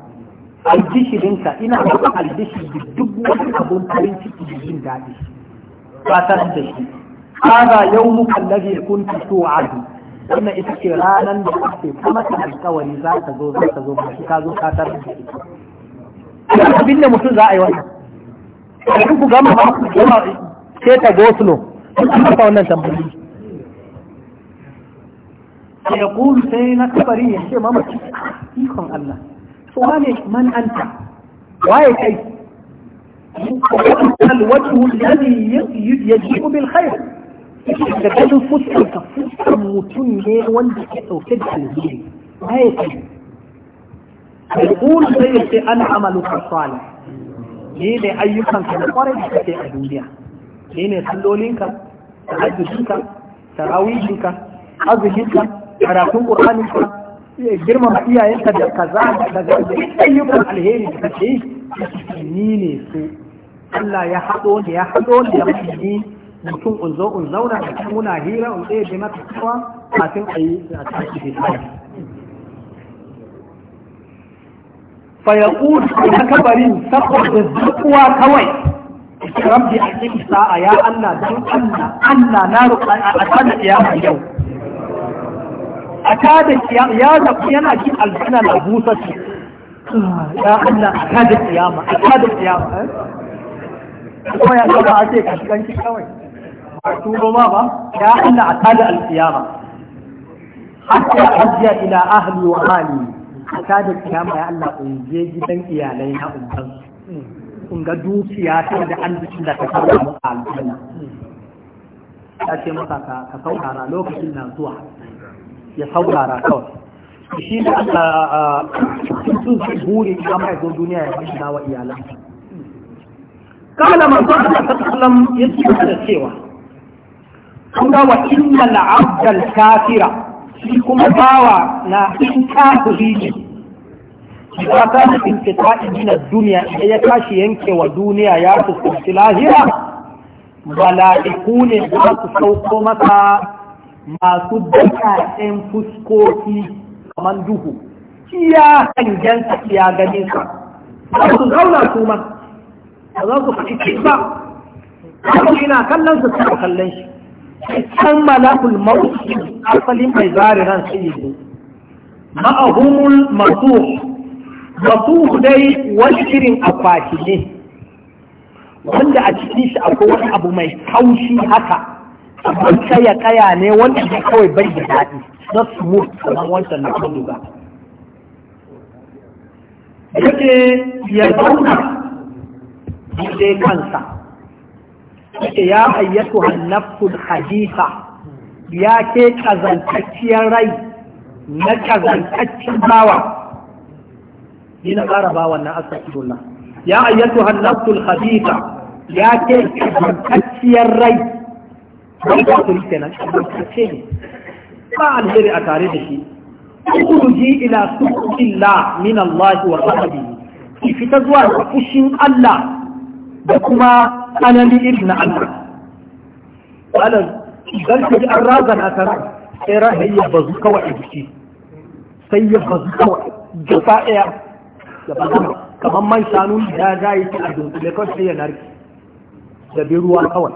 albishirinka ina da albishir da duk wani abun farin ciki da jin daɗi ba tare da shi هذا يومك الذي كنت توعد wannan ita ce ranar da ake kuma ta alkawari za ta zo za ta zo ba ta zo ka tar da ita da abin da mutum za a yi wannan kafin ku gama ba ku gama sai ta goslo sun an kafa wannan tambayi ya kulu sai na kabari ya ce mamaci ikon Allah to wane man anta waye kai الوجه الذي يجيء بالخير da ganin fuskar ka fuskar mutum ne wanda ke ɗauke da alheri waye kai يقول سيدي أنا عملك الصالح ni ne ayyukanka na kwarai da kake a duniya ni ne sallolinka tahajjudinka tarawihinka azuminka karatun qur'aninka girmama iyayenka da kaza daga ayyukan alheri da kake yi ni ne su Allah ya haɗo ne ya haɗo ne ya mutum mutum unzo unzauna da muna hira unzo ya bi maka kafin a yi a cikin fa ina kabarin saboda zuwa kawai rabbi aqim sa'a ya Allah dan a tsada kiyama yau a tada kiyama yana cin aljanna na busa ce ya Allah a tada a tada kuma ya zama a ce kashiganci kawai a turo ba ya Allah a tada alkiyama hajjiya ila ahli wa hali a tada kiyama ya Allah in je gidan iyalai na umman in ga dukiya ta da an jikin da ta fara mu a aljanna ta ce masa ka saurara lokacin na zuwa ya saurara kawai shi da Allah sun su buri ya mai zo duniya ya shi wa iyalan kala manzo Allah sallallahu alaihi wasallam da cewa kun ga wa innal abdal kafira shi kuma bawa na in kafiri ne ya tashi intita'in min duniya idan ya tashi wa duniya ya fuskanci lahira mala'iku ne za su sauko masa masu ɗin fuskoki kamar duhu iya hangensa iya sa ba su zauna su ma ba za su faɗi ba su yana kallon su suna kallon shi kan malakul maut asalin mai zari ran sai yi zo ma'ahumul masuh masuh dai wani irin akwati ne wanda a cikin shi akwai wani abu mai taushi haka amma kaya kaya ne wanda ne kawai bai da daɗi na smooth kamar wancan na kudu ba yake ya zauna dai kansa yake ya ayyatu hannaful hadisa ya ke kazantacciyar rai na kazantaccen bawa ni na ƙara ba wannan astaghfirullah ya ayyatu hannaful hadisa ya ke kazantacciyar rai don ba ku rike nan kazantacce ne ba alheri a tare da shi kuruji ila sukuillah min Allah wa rahmatihi ki fita zuwa fushin Allah da kuma tsanani irin na Allah wannan idan ka ji an razana ta ran sai rahayi ya bazu kawai a jiki sai ya bazu kawai gaba ɗaya ya bazu kamar man shanu ya ja yake a dunkule kawai sai ya narke da bi ruwa kawai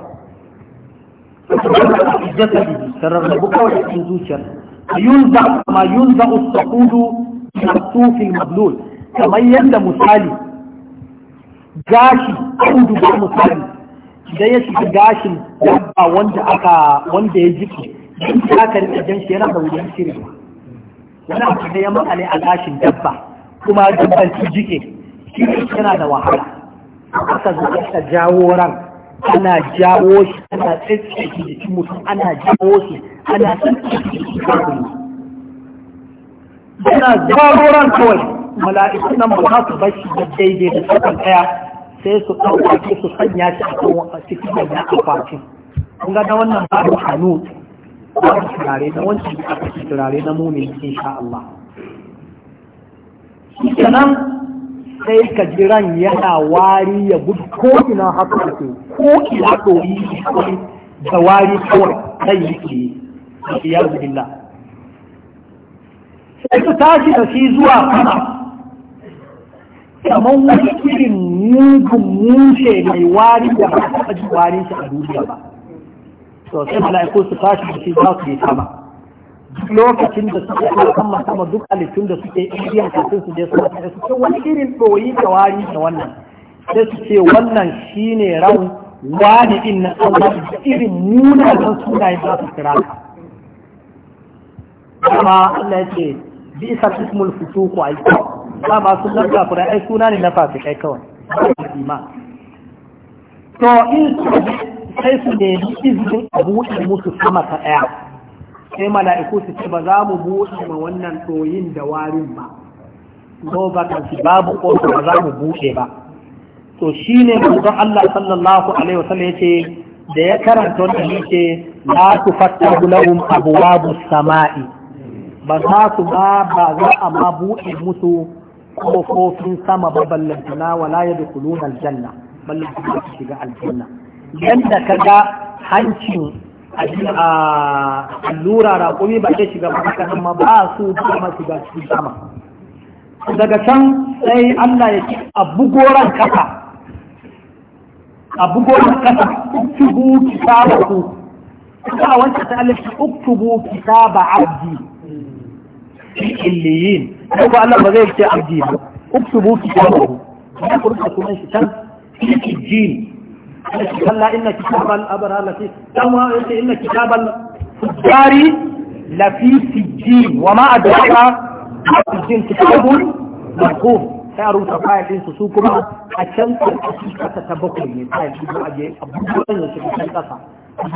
jasadi sararrabu kawai a cikin zuciyar yunza ma yunza usaqudu na as-sufil mablul kamar yadda misali gashi audu ba misali idan ya shiga gashin dabba wanda aka wanda ya jiki in aka rika jan shi yana da wuyan shirin wani abu da ya makale a gashin dabba kuma dabban shi jike shi yana da wahala aka zo aka jawo ran ana jawo shi ana tsaye shi jikin mutum ana jawo shi ana tsaye shi jikin mutum ana jawo ran kawai mala'ikun nan ba za su bashi da daidai da saukan ɗaya sai su ɗauka su sanya shi a kan cikin wannan akwatin kun ga da wannan babu hannu babu turare na wancan da aka turare na mumin sha Allah nan sai ka jiran yana wari ya gudu ko ina haka ke ko ina ɗori da wari kawai kai yake yi ya billah sai su tashi da shi zuwa sama kamar wani irin mugun mushe mai wari da ba taɓa ji warin shi a duniya ba to sai mala'iku su tashi da shi za su yi sama lokacin da suke yi sama sama duk halittun da suke indiya kafin su je sama su ce wani irin ɗoyi da wari da wannan sai su ce wannan ne ran wani din na Allah irin suna sunaye za su kira ka kuma Allah ya ce bi isa ismul fusuku aiko ba masu sunan kuna ai suna ne na fasikai kawai to in sai su ne izinin a buɗe musu sama ta ɗaya sai mala'iku su ce ba za mu buɗe ma wannan tsoyin da warin ba ko ba kansu babu ƙofa ba za mu buɗe ba to shi ne kusan Allah sallallahu alaihi wasallam yace da ya karanta wannan yace la tufattahu lahum abwabu samai ba za su ba ba za a ma buɗe musu kofofin sama ba ballantana wala ya da kuluna aljanna ballantana su shiga aljanna yadda ka ga hancin allura raƙumi ba ya shiga ba ma ba su ba shiga cikin sama daga can sai Allah ya ce a bugoran kasa a bugoran kasa uktubu kitaba ku kuma a wancan ta alif uktubu kitaba abdi fi illiyin ko Allah ba zai ce abdi ba uktubu kitabahu ya kurka sunan shi can fi jin kalla inna kitabal abara lafi dan yace inna kitabal jari lafi sijjin wa ma adraka sijjin kitabun mahfuz sai a rubuta fayil ɗinsu su kuma a can ƙarƙashin ƙasa ta bakwai ne fayil ɗin a je abubuwan da suke can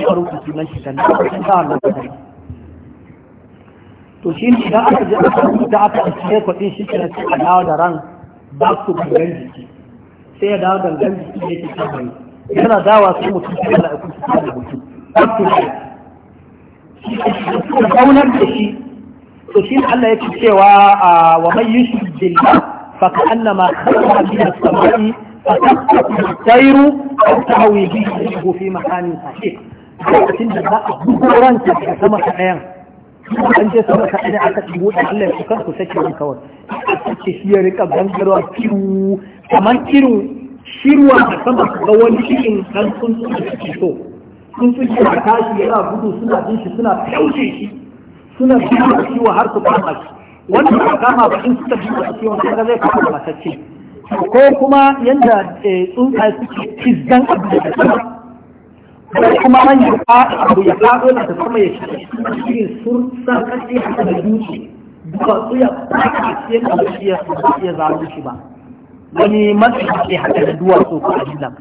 a rubuta sunan shi kan da kan sa wannan to shi ne idan aka je aka da aka ajiye kuɗin shi kenan sai a dawo da ran ba su gangan jiki sai ya dawo gangan jiki ne ke kan bai yana dawa sai mutum sai Allah ya kusa da mutum ba su da kaunar da shi to shi ne Allah ce cewa wa man yushrik billah fa ka'annama khalaqa min as-sama'i fa tasqutu at-tayru aw tahwi bihi fi makanin sahih lokacin da za a dubo ranka da sama ta ɗayan an je sama ka ina aka tsibo da Allah ku kanku sake ni kawai sake shi ya rika gangarwa kiru kamar kiru shirwa a sama ga wani cikin kan sun tsuke so sun tsuke da tashi yana gudu suna bin shi suna taushe shi suna bin shi wa har su kama shi wanda ba kama ba in suka bin shi ciwon kaga zai kama matacce ko kuma yanda eh, tsuntsaye suke kizgan abu da da kuma an yi abu ya faɗo da sama ya shi sun san kashi haka da duki ba su ya faɗi sai da shi ya ya zamu shi ba wani masu shi haka da duwa so ko ajilan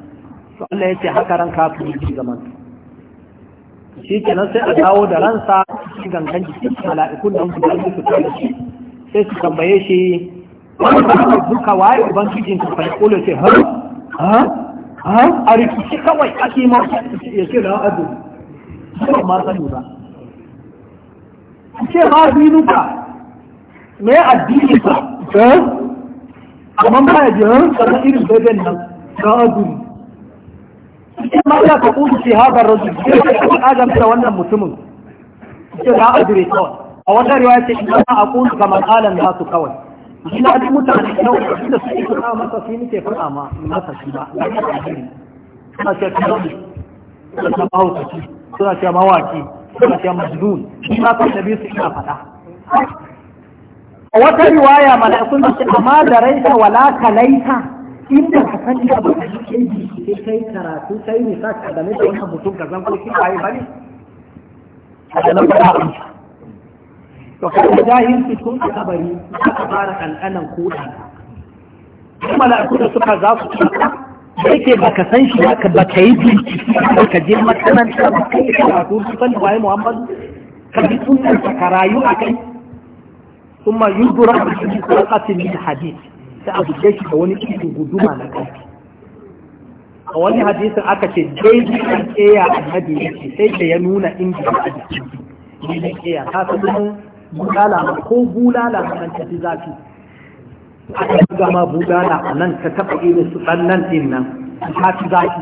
to Allah ya ce haka ran kafin shi zaman shi kenan sai a dawo da ransa shi gangan jikin mala'ikun nan guda su ta shi sai su tambaye shi duka waye ubangijin ka fa kulo ce ha a rikici kawai ake ma ya ce da azumi ba ma sani ba ce ma dinuka me addini ka amma ba ya jihar kamar irin bayan nan na azumi ce ma ya ka kudu ce haɗar rasu ya ce ka adamta wannan mutumin ce na azumi kawai a wata riwaya ce ina a kudu kamar alam nasu kawai ina da mutane yau da su yi fara masa shi nake fara ma masa shi ba da ya alheri suna ce karabi suna ce mahaukaci suna ce mawaki suna ce majnun shi ma kan biyu su ina faɗa a wata riwaya mana sun ce amma da raita wala kalaita inda ka san da ba ka yi ke kai karatu kai ne sa ka da ne da wannan mutum ka zan ko shi ba yi bane a da nan ba to kai kuma jahilci tun a kabari aka fara kankanan kuɗa kuma mala'iku da suka za su tuka yake ka san shi haka baka yi bincike baka je makaranta ba kai karatu su san waye Muhammadu ka bi sunan ka rayu a kai kuma yudura bi shi qur'atin min hadith ta abu da shi da wani cikin guduma na kai a wani hadisin aka ce dai daidai an tsaya annabi yake sai da ya nuna inda ya ji ne ne tsaya ka san bulala ko bulala nan ta fi zafi a aka gama bulala a nan ka taɓa irin su ɗannan ɗin nan ta fi zafi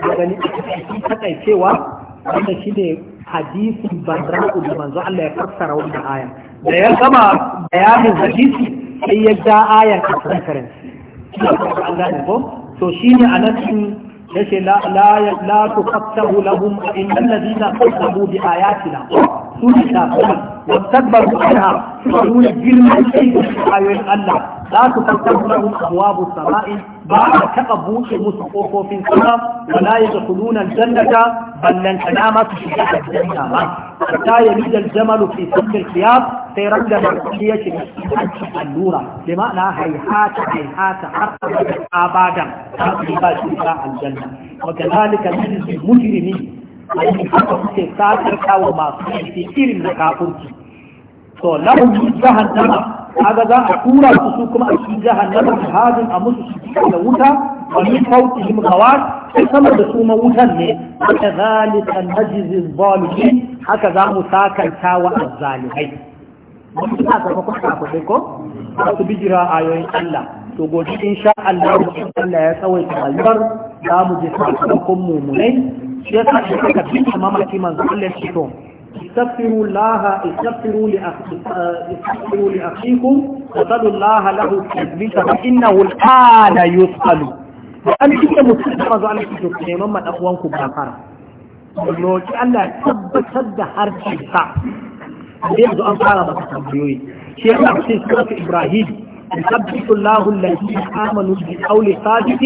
ka gani a cikin cewa wanda shi ne hadisun bandra'u ubi manzo Allah ya fassara wannan aya da ya gama bayanin hadisi sai ya ga aya a kan karanci. ko? To shi ne a nan yake la tuqattahu lahum innal ladina kazzabu bi ayatina su واستكبر بعدها فهو الجلم الشيء ويتخلع لا تفتح لهم أبواب السماء بعد كأبوش مسقوق في السماء ولا يدخلون الجنة بل لن تنام في شجاع حتى يلد الجمل في سك الخياط سيرد مرحية النورة بمعنى هيهات هيهات حرقب آبادا تقريبا شجاع الجنة وكذلك من المجرمين wani masu yanki irin na kafurci to lahun kaga za a tura su su kuma a cikin jahannama jihadin a musu su da wuta wa min fawqihim ghawat sama da su ma wutan ne haka zalika najzi zalimin haka za mu sakanta wa azzalimai mun ina ga ku ka ku ko ku bijira ayoyin Allah to in insha Allah Allah ya tsawaita rayuwar za mu je sakamakon mummunai shi yasa shi aka binne mamaki manzo Allah shi to استغفروا الله استغفروا استغفروا لاخيكم وصلوا الله له التثبيت فانه الان يسال وان كنت مستغفر manzo Allah shi to neman ma dan uwanku gafara roki Allah tabbatar da harshen sa yanzu an fara maka tambayoyi shi yasa sai Ibrahim يثبت الله الذين امنوا بالقول الثابت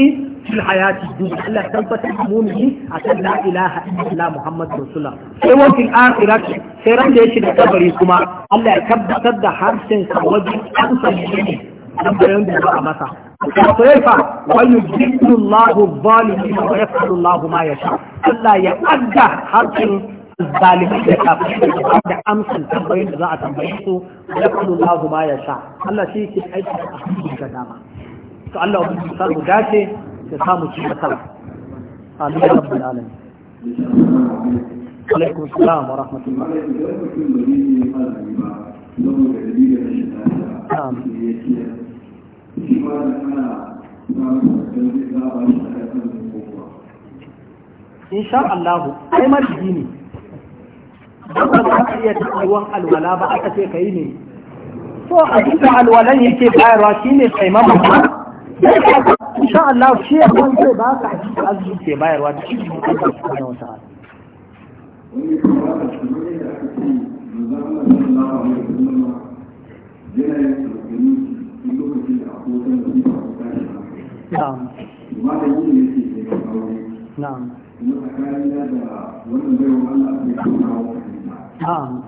في الحياة الدنيا الله ثبت المؤمنين عشان لا اله الا الله محمد رسول الله sai wakin akira sai ran da yake da kabari kuma Allah ya tabbatar da harshen sa wajen amsa ne dan bayan da ba masa كيف ويذل الله الظالمين ويفعل الله ما يشاء الله يأدى حق zalimi da kafin da amsan tambayin da za a tambaye su ya kullu lahu zuma ya sha Allah shi ke aiki a hannun da dama to Allah wa sa mu dace da samu ci nasara amin rabbul alamin alaikum assalam wa rahmatullah Insha Allah, ai marigi ne, don ba za ka iya taɓarwan alwala ba aka ce ka yi ne so a duka alwalan yake bayarwa shi ne taimama ba insha Allah shi ya kan ce ba ka a azumi ke bayarwa da shi ne kan da su kana wata Na'am. Na'am. Na'am. na'am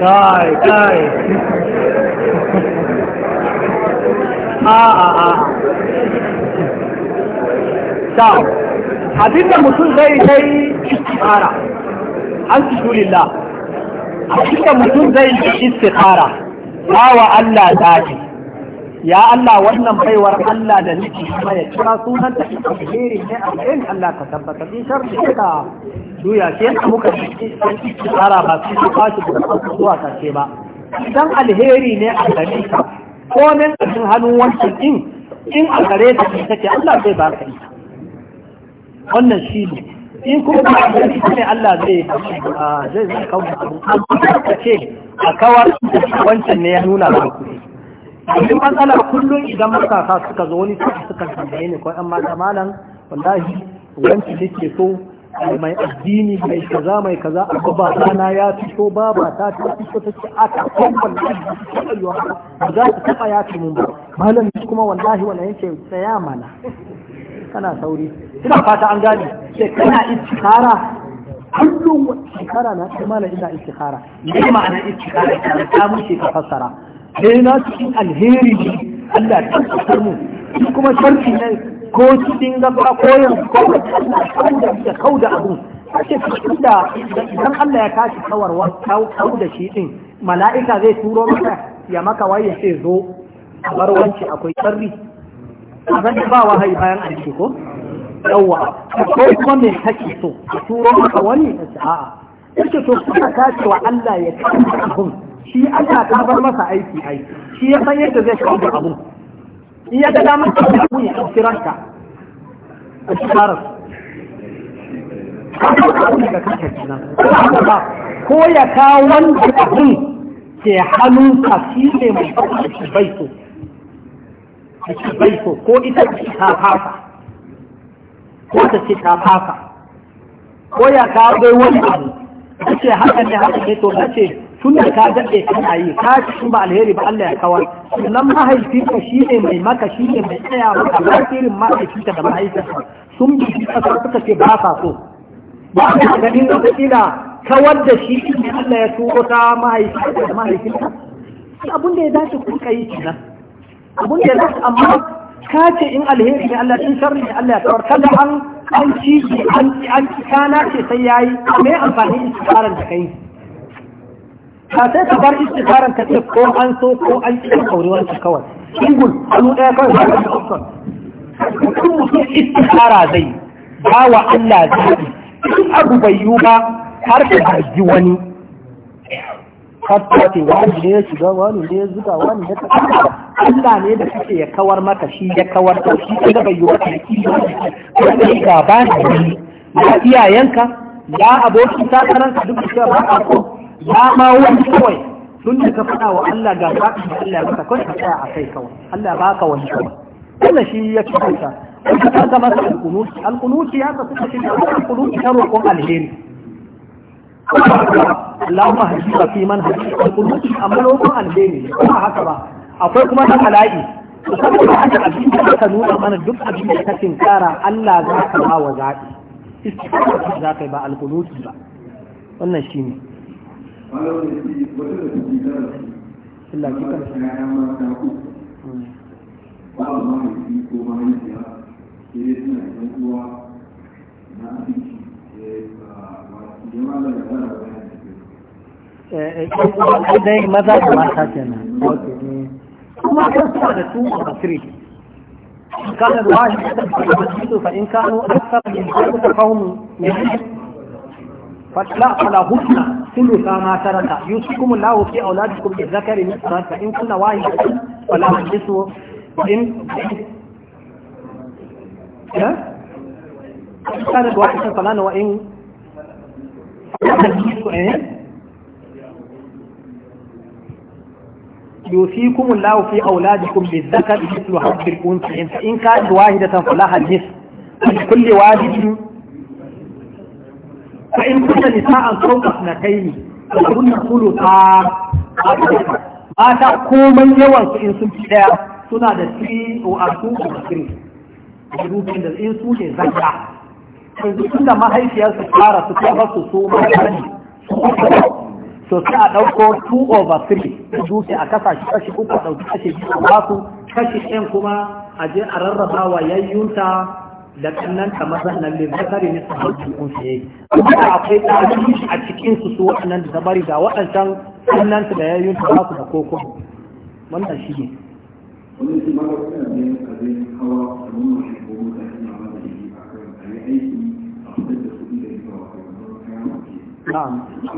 kai kai A'a. a a ta abinda mutum zai zai istihara an su lillah abinda mutum zai yi istikhara ba wa Allah zaɓi ya Allah wannan baiwar Allah da niki kuma ya kira sunan ta alheri ne a cikin Allah ka tabbatar in sharri ka duya ke da muka istikhara ba su ci fashi da kasu zuwa kace ba idan alheri ne a gare ka ko ne a cikin hannun wancan din in a gare ka take Allah zai baka ita wannan shi ne in kuma ba da shi ne Allah zai zai zai kawo abu da ce a kawar wancan ne ya nuna ba kuɗi domin matsalar kullum idan matasa suka zo wani suka suka tambaye ne ko ɗan mata malam wallahi wancan ke so mai addini mai kaza mai kaza abu ba rana ya fito ba ba ta ta fito ta ce a ta kwanwan ba za ta taɓa ya mun ba malam kuma wallahi wannan yake tsaya mana kana sauri ina fata an gane sai kana istikhara kullum shekara na kuma na ina istikhara me ma'ana istikhara ta mushe shi ka fassara sai na cikin alheri ne Allah ta tsakar mu kuma sharti ne ko cikin gaba ko yanzu ko Allah kauda ya kauda abu sai tunda idan Allah ya tashi kawarwa kauda shi din mala'ika zai turo maka ya maka waye sai zo a bar akwai sharri a zan ba wahayi bayan an ko yawa ko kuma me kake so a turo maka wani a'a yake to kuka kace wa Allah ya kawo abun shi Allah ta bar masa aiki ai shi ya san yadda zai kawo abun in ya ga damar ka abun ya ɗauki ranka a shikarar ko ya kawo wanda abun ke hannunka shi ne mai bai so ko ita ta fasa ko ta ce ta fasa ko ya kawo dai wani abu ta ce haka ne haka ne to ta ce tun da ka daɗe kana yi ka ci sun ba alheri ba Allah ya kawar sannan mahaifinka shi ne mai maka shi ne mai tsaya a lafiyar mahaifinka da mahaifinka sun bi shi ƙasa suka ce ba sa so ba ka ganin wataƙila kawar da shi ne Allah ya tuko ta mahaifinka da mahaifinka abin da ya dace ku kai kenan abin da ya dace amma ka ce in alheri ne Allah in sharri ne Allah ya tsawar kada an an ci an an kana ce sai yayi me amfani istifaran da kai ka sai ka bar istifaran ka ce ko an so ko an ci aurewar ka kawai ingul hannu ɗaya kawai ba ka option mutum mutum istifara zai ba wa Allah zai in abu bai yiwu ba har da zargi wani hatta ce wani ne ya shiga wani ne ya zuba wani ne ta kasa Allah ne da kake ya kawar maka shi ya kawar ta, shi da bai yi wata yaki wanda ya gaba da ni ya iyayenka ya abokin sakaranka duk da cewa ba a so ya ma wani kawai tun da ka faɗa wa Allah ga zaɓi da Allah maka kawai ka tsaya a kai kawai Allah ba ka wani kawai wannan shi ya ci kansa ka ga masa alƙunuti alƙunuti ya kasu kashin alƙunuti ta roƙon alheri Allahumma hajjiba fi man hajjiba al-qulubi amma lokacin ne, kuma haka ba akwai kuma na ala'i saboda haka abin da aka nuna mana duk abin da ka tinkara Allah za ka ba wa zaɓi istiqamar za ka yi ba al ba wannan shi ne Allah ki kan ba ma ko ma yi ya ke suna da uwa na abinci dai maza da mata kenan kuma kan suna da su a basiri kana da wani da fa in kano aksar min zalika fahum min fatla ala hukma kullu kama taraka yusukum lahu fi auladikum bi zakari mithla fa in kunna wahidatan fala hadisu wa in كانت واحدة فلان وإن يوصيكم الله في اولادكم بالذكر مثل حظ الأنثيين فإن كانت واحده فلها النصف لكل واحد فان كنت نساء فوق اثنتين فكن ثلثا mata komai yawansu in sun fi ɗaya suna da 3 او 2 او 3 da in su ne yanzu mahaifiyar su fara su kafa su su mutane so sai a ɗauko 2 over 3 dutse a kasa shi kashi uku a ɗauki kashi biyu a basu kashi ɗin kuma a je a rarraba wa yayyunta da kannan ta mazan nan ne zakari ne sun hauki kun fiye amma akwai ɗari a cikin su su waɗannan da zabari da waɗancan kannan su da yayyunta ba su da koko wannan shi ne wani shi ma da waɗannan ne a zai hawa a nuna shi ne na'am na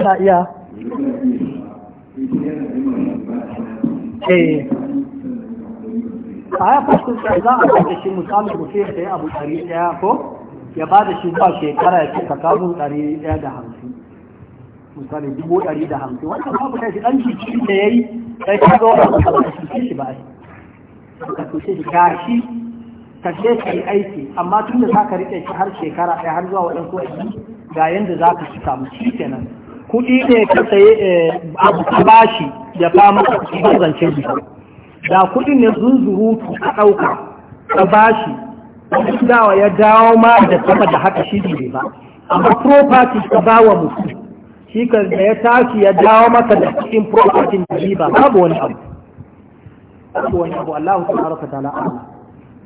iya eh a ya fasu sai za a kaɗa shi musamman mutum ya sayi abu ɗari ɗaya ko ya ba da shi ba shekara ya cika kamun ɗari ɗaya da hamsin misali dubu ɗari da hamsin wannan babu shi ɗan jiki da ya yi sai ka zo a kusurce shi ba ka kusurce shi ka ka yi aiki amma tun da za ka riƙe shi har shekara ɗaya har zuwa waɗansu aiki ga yadda za ka samu shi kenan kuɗi ne ka saye eh, abu ka bashi ya kama kuɗi zance bisa da kuɗin ne zunzuru ka ɗauka ka bashi dawa ya dawo ma da sama da haka shi ne ba amma property ka ba wa mutum shi kan da ya tashi ya dawo maka da cikin property da riba babu wani abu babu wani abu Allah ta baraka ta'ala